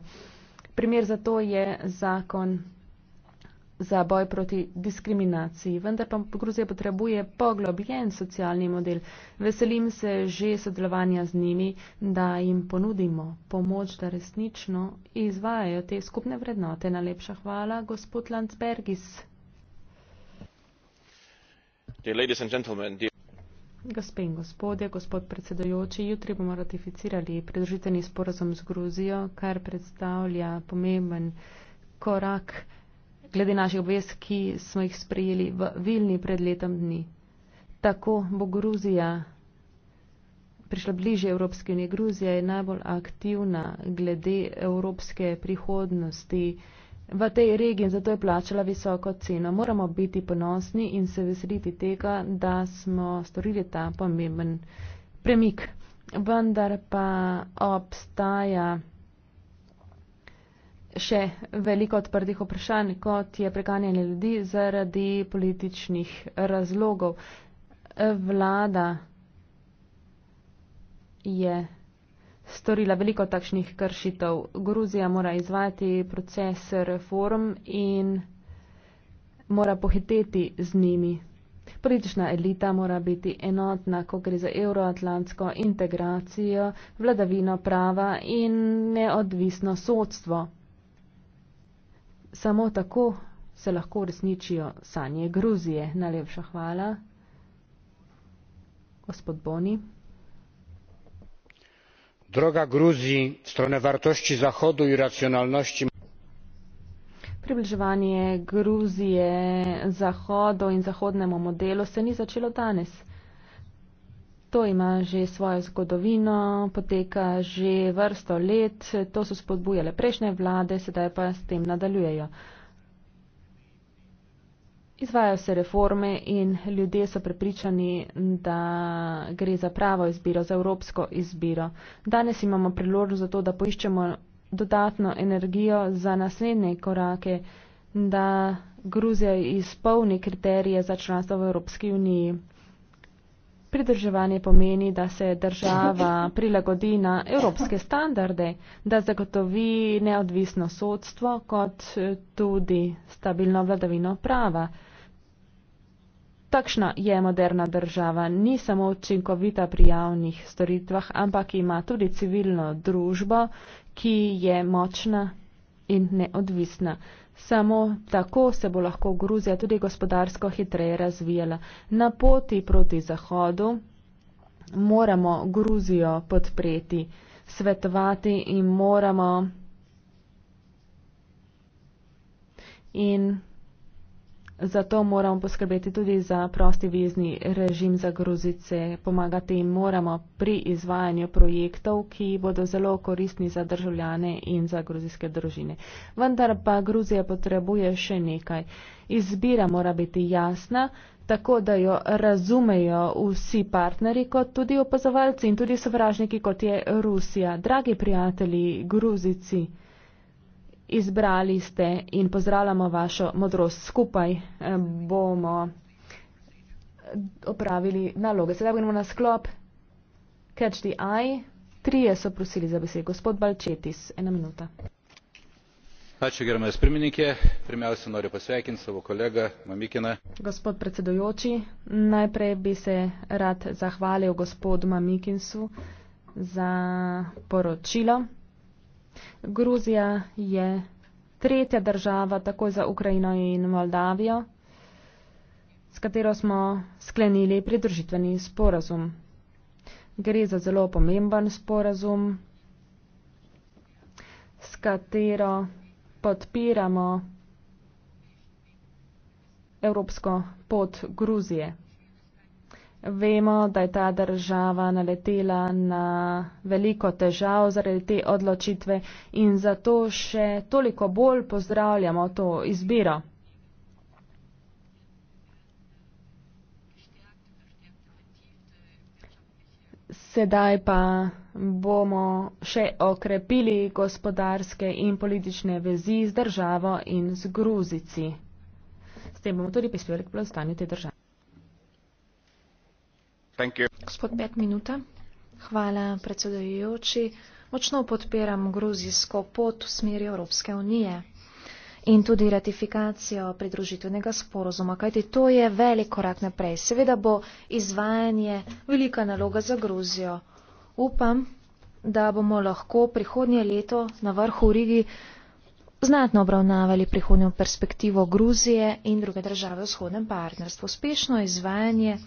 Primer za to je zakon za boj proti diskriminaciji. Vendar pa Gruzija potrebuje poglobljen socialni model. Veselim se že sodelovanja z njimi, da jim ponudimo pomoč, da resnično izvajajo te skupne vrednote. Najlepša hvala, gospod Landsbergis. Gospe in gospodje, gospod predsedojoči, jutri bomo ratificirali predružiteni sporazum z Gruzijo, kar predstavlja pomemben korak glede naših obvez, ki smo jih sprejeli v Vilni pred letom dni. Tako bo Gruzija prišla bliže Evropske unije. Gruzija je najbolj aktivna glede evropske prihodnosti v tej regiji in zato je plačala visoko ceno. Moramo biti ponosni in se veseliti tega, da smo storili ta pomemben premik. Vendar pa obstaja še veliko odprtih vprašanj, kot je preganjanje ljudi zaradi političnih razlogov. Vlada je storila veliko takšnih kršitev. Gruzija mora izvajati proces reform in mora pohiteti z njimi. Politična elita mora biti enotna, ko gre za euroatlantsko integracijo, vladavino prava in neodvisno sodstvo. Samo tako se lahko resničijo sanje Gruzije. Najlepša hvala. Gospod Boni droga gruzji w stronę wartości zachodu i racjonalności Približevanje Gruzije Zahodu in zahodnemu modelu se ni začelo danes. To ima že svojo zgodovino, poteka že vrsto let, to so spodbujale prejšnje vlade, sedaj pa s tem nadaljujejo. Izvajajo se reforme in ljudje so prepričani, da gre za pravo izbiro, za evropsko izbiro. Danes imamo priložnost za to, da poiščemo dodatno energijo za naslednje korake, da Gruzija izpolni kriterije za članstvo v Evropski uniji. Pridrževanje pomeni, da se država prilagodi na evropske standarde, da zagotovi neodvisno sodstvo, kot eh, tudi stabilno vladavino prava. Takšna je moderna država, ni samo učinkovita pri javnih storitvah, ampak ima tudi civilno družbo, ki je močna in neodvisna. Samo tako se bo lahko Gruzija tudi gospodarsko hitreje razvijala. Na poti proti Zahodu moramo Gruzijo podpreti, svetovati in moramo. In Zato moramo poskrbeti tudi za prosti vizni režim za grozice. Pomagati jim moramo pri izvajanju projektov, ki bodo zelo koristni za državljane in za grozijske družine. Vendar pa Gruzija potrebuje še nekaj. Izbira mora biti jasna, tako da jo razumejo vsi partneri, kot tudi opazovalci in tudi sovražniki, kot je Rusija. Dragi prijatelji, Gruzici izbrali ste in pozdravljamo vašo modrost. Skupaj eh, bomo opravili naloge. Sedaj gremo na sklop. Catch the eye. Trije so prosili za besed. Gospod Balčetis, ena minuta. Ačiū gerbiamas pirmininkė, pirmiausia noriu pasveikinti savo kolegą Mamikiną. Gospod predsedojoči, najprej bi se rad zahvalil gospodu Mamikinsu za poročilo. Gruzija je tretja država takoj za Ukrajino in Moldavijo, s katero smo sklenili pridružitveni sporazum. Gre za zelo pomemben sporazum, s katero podpiramo evropsko pot Gruzije. Vemo, da je ta država naletela na veliko težav zaradi te odločitve in zato še toliko bolj pozdravljamo to izbiro. Sedaj pa bomo še okrepili gospodarske in politične vezi z državo in z Gruzici. S tem bomo tudi prispevali k blagostanju te države. Gospod, pet minuta. Hvala, predsedojoči. Močno podpiram gruzijsko pot v smeri Evropske unije in tudi ratifikacijo pridružitvenega sporozuma, kajti to je velik korak naprej. Seveda bo izvajanje velika naloga za Gruzijo. Upam, da bomo lahko prihodnje leto na vrhu Rigi znatno obravnavali prihodnjo perspektivo Gruzije in druge države v shodnem partnerstvu. Uspešno izvajanje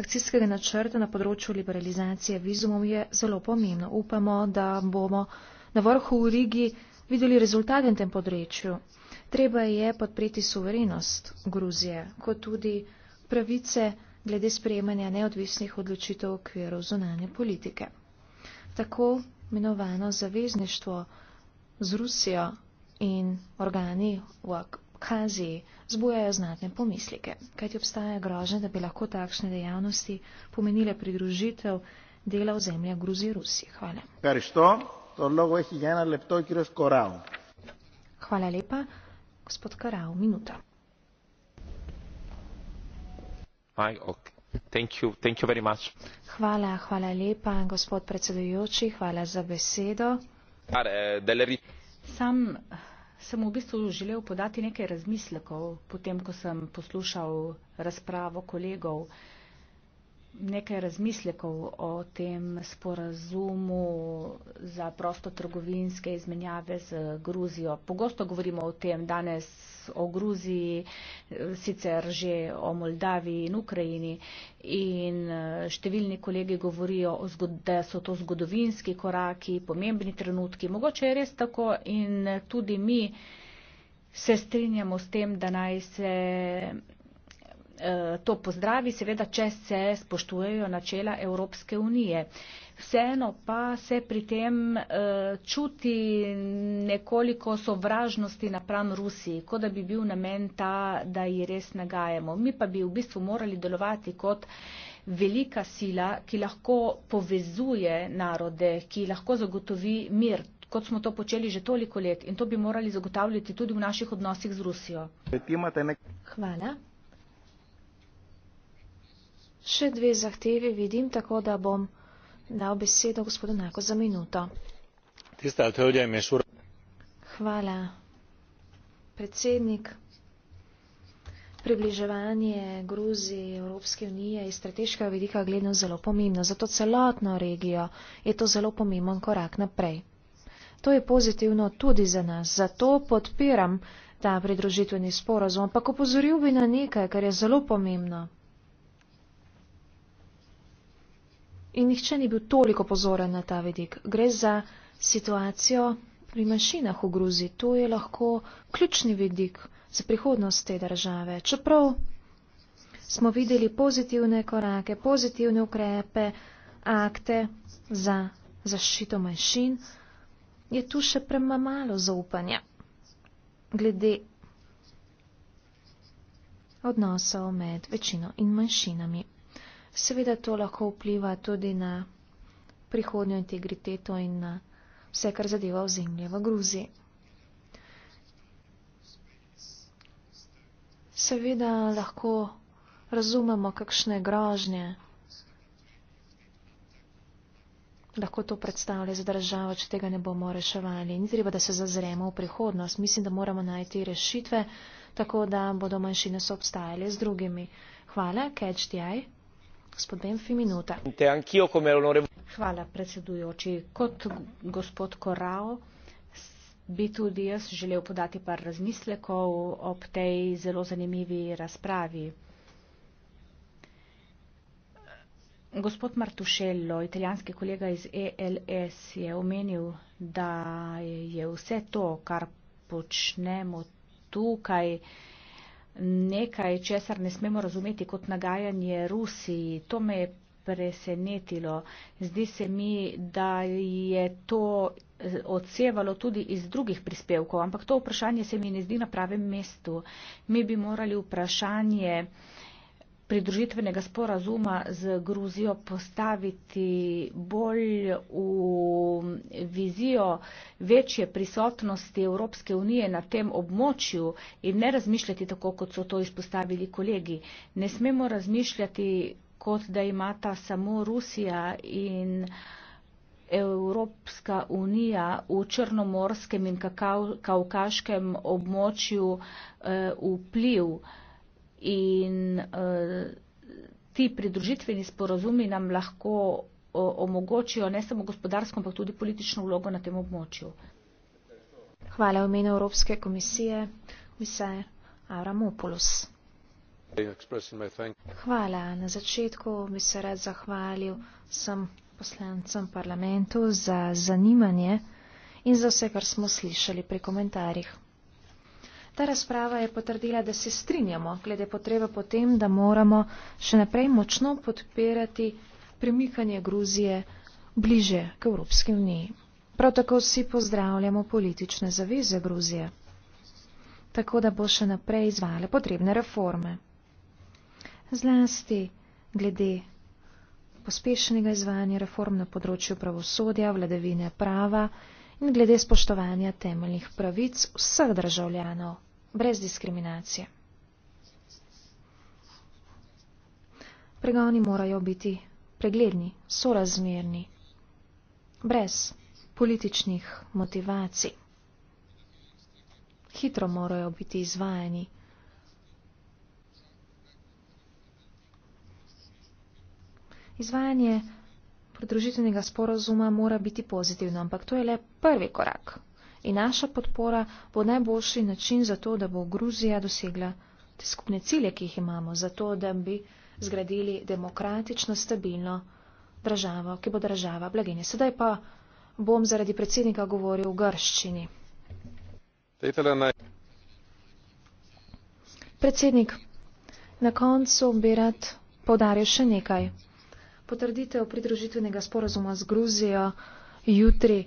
akcijskega načrta na področju liberalizacije vizumov je zelo pomembno. Upamo, da bomo na vrhu v Rigi videli rezultate na tem področju. Treba je podpreti suverenost Gruzije, kot tudi pravice glede sprejemanja neodvisnih odločitev v okviru zunanje politike. Tako imenovano zavezništvo z Rusijo in organi v kazi zbujajo znatne pomislike, kajti obstaja grožnja, da bi lahko takšne dejavnosti pomenile pridružitev dela ozemlja Gruzije Rusiji. Hvala. Hvala lepa. Gospod Karau, minuta. Hi, okay. Thank you, thank you very much. Hvala, hvala lepa, gospod predsedujoči, hvala za besedo. Are, uh, Sam uh, sem v bistvu želel podati nekaj razmislekov, potem ko sem poslušal razpravo kolegov nekaj razmislekov o tem sporazumu za prostotrgovinske izmenjave z Gruzijo. Pogosto govorimo o tem danes o Gruziji, sicer že o Moldaviji in Ukrajini in eh, številni kolegi govorijo, da so to zgodovinski koraki, pomembni trenutki. Mogoče je res tako in tudi mi se strinjamo s tem, da naj se Eh, to pozdravi, seveda, če se spoštujejo načela Evropske unije. Vseeno pa se pri tem eh, čuti nekoliko sovražnosti napram Rusiji, kot da bi bil namen ta, da ji res nagajamo. Mi pa bi v bistvu morali delovati kot velika sila, ki lahko povezuje narode, ki lahko zagotovi mir kot smo to počeli že toliko let in to bi morali zagotavljati tudi v naših odnosih z Rusijo. Hvala. Še dve zahtevi vidim, tako da bom dal besedo gospodu Nako za minuto. Hvala. Predsednik, približevanje Gruziji Evropske unije iz strateškega vidika gledno zelo pomembno. Zato celotno regijo je to zelo pomemben korak naprej. To je pozitivno tudi za nas. Zato podpiram ta pridružitveni sporozum, ampak opozoril bi na nekaj, kar je zelo pomembno. in nihče ni bil toliko pozoren na ta vidik. Gre za situacijo pri manjšinah v Gruziji. To je lahko ključni vidik za prihodnost te države. Čeprav smo videli pozitivne korake, pozitivne ukrepe, akte za zaščito manjšin, je tu še premalo zaupanja glede odnosov med večino in manjšinami. Seveda to lahko vpliva tudi na prihodnjo integriteto in na vse, kar zadeva ozemlje v Gruziji. Seveda lahko razumemo kakšne grožnje, lahko to predstavlja za državo, če tega ne bomo reševali. Ni treba, da se zazremo v prihodnost. Mislim, da moramo najti rešitve, tako da bodo manjšine sobstajale z drugimi. Hvala, catch the eye. Hvala, predsedujoči. Kot gospod Korao bi tudi jaz želel podati par razmislekov ob tej zelo zanimivi razpravi. Gospod Martušello, italijanski kolega iz ELS, je omenil, da je vse to, kar počnemo tukaj, nekaj, česar ne smemo razumeti kot nagajanje Rusiji. To me je presenetilo. Zdi se mi, da je to eh, odsevalo tudi iz drugih prispevkov, ampak to vprašanje se mi ne zdi na pravem mestu. Mi bi morali vprašanje eh, pridružitvenega sporazuma z Gruzijo postaviti bolj v vizijo večje prisotnosti Evropske unije na tem območju in ne razmišljati tako, kot so to izpostavili kolegi. Ne smemo razmišljati, kot da imata samo Rusija in Evropska unija v črnomorskem in kaukaškem območju eh, vpliv in uh, ti pridružitveni sporozumi nam lahko uh, omogočijo ne samo gospodarsko, ampak tudi politično vlogo na tem območju. Hvala v imenu Evropske komisije, mise Avramopoulos. Hvala. Na začetku bi se rad zahvalil vsem poslancem parlamentu za zanimanje in za vse, kar smo slišali pri komentarjih. Ta razprava je potrdila, da se strinjamo glede potrebe potem, da moramo še naprej močno podpirati premikanje Gruzije bliže k Evropski uniji. Prav tako vsi pozdravljamo politične zaveze Gruzije, tako da bo še naprej izvale potrebne reforme. Zlasti glede pospešenega izvajanja reform na področju pravosodja, vladavine prava in glede spoštovanja temeljnih pravic vseh državljanov brez diskriminacije. Pregoni morajo biti pregledni, sorazmerni, brez političnih motivacij. Hitro morajo biti izvajani. Izvajanje pridružitvenega sporozuma mora biti pozitivno, ampak to je le prvi korak in naša podpora bo najboljši način za to, da bo Gruzija dosegla te skupne cilje, ki jih imamo, za to, da bi zgradili demokratično, stabilno državo, ki bo država blaginje. Sedaj pa bom zaradi predsednika govoril v grščini. Predsednik, na koncu bi rad podaril še nekaj. Potrditev pridružitvenega sporazuma z Gruzijo jutri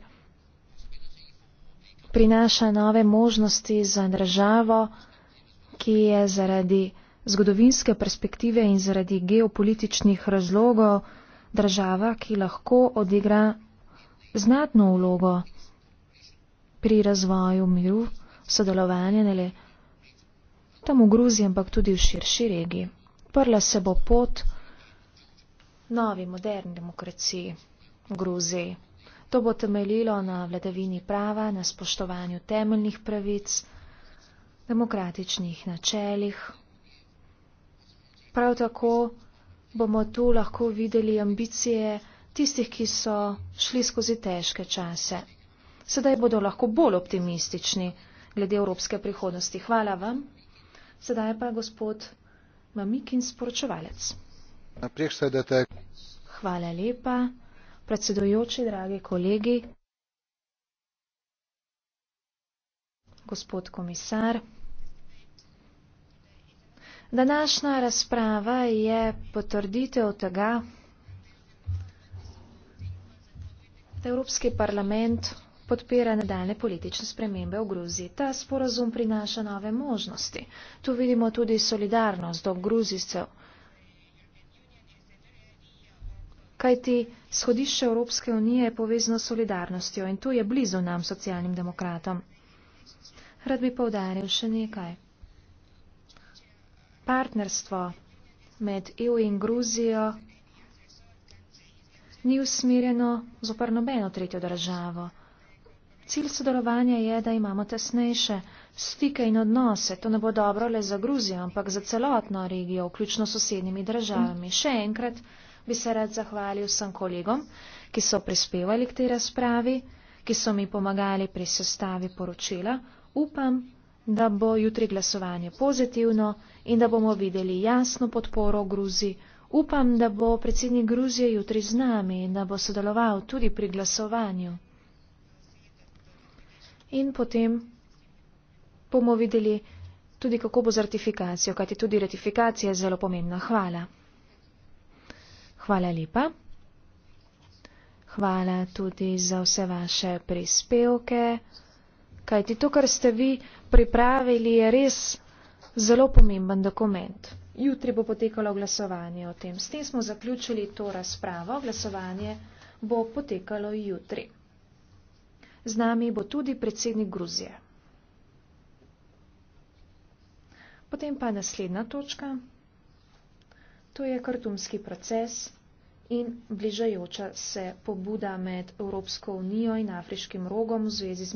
prinaša nove možnosti za državo, ki je zaradi zgodovinske perspektive in zaradi geopolitičnih razlogov država, ki lahko odigra znatno vlogo pri razvoju miru, sodelovanja ne le tam v Gruziji, ampak tudi v širši regiji. Prla se bo pot novi moderni demokraciji v Gruziji. To bo temeljilo na vladavini prava, na spoštovanju temeljnih pravic, demokratičnih načelih. Prav tako bomo tu lahko videli ambicije tistih, ki so šli skozi težke čase. Sedaj bodo lahko bolj optimistični glede evropske prihodnosti. Hvala vam. Sedaj pa gospod Mamikin, sporočevalec. Hvala lepa predsedujoči, dragi kolegi, gospod komisar. Današnja razprava je potrditev tega, da Evropski parlament podpira nadaljne politične spremembe v Gruziji. Ta sporazum prinaša nove možnosti. Tu vidimo tudi solidarnost do Gruzijcev, kajti shodišče Evropske unije je povezano s solidarnostjo in to je blizu nam, socialnim demokratom. Rad bi povdaril še nekaj. Partnerstvo med EU in Gruzijo ni usmerjeno z oprnobeno tretjo državo. Cilj sodelovanja je, da imamo tesnejše stike in odnose. To ne bo dobro le za Gruzijo, ampak za celotno regijo, vključno s sosednjimi državami. Še enkrat bi se rad zahvalil vsem kolegom, ki so prispevali k tej razpravi, ki so mi pomagali pri sestavi poročila. Upam, da bo jutri glasovanje pozitivno in da bomo videli jasno podporo Gruzi. Upam, da bo predsednik Gruzije jutri z nami in da bo sodeloval tudi pri glasovanju. In potem bomo videli tudi, kako bo z ratifikacijo, kajti tudi ratifikacija je zelo pomembna. Hvala. Hvala lepa. Hvala tudi za vse vaše prispevke, kajti to, kar ste vi pripravili, je res zelo pomemben dokument. Jutri bo potekalo glasovanje o tem. S tem smo zaključili to razpravo. Glasovanje bo potekalo jutri. Z nami bo tudi predsednik Gruzije. Potem pa naslednja točka. To je kartumski proces in bližajoča se pobuda med Evropsko unijo in afriškim rogom v zvezi z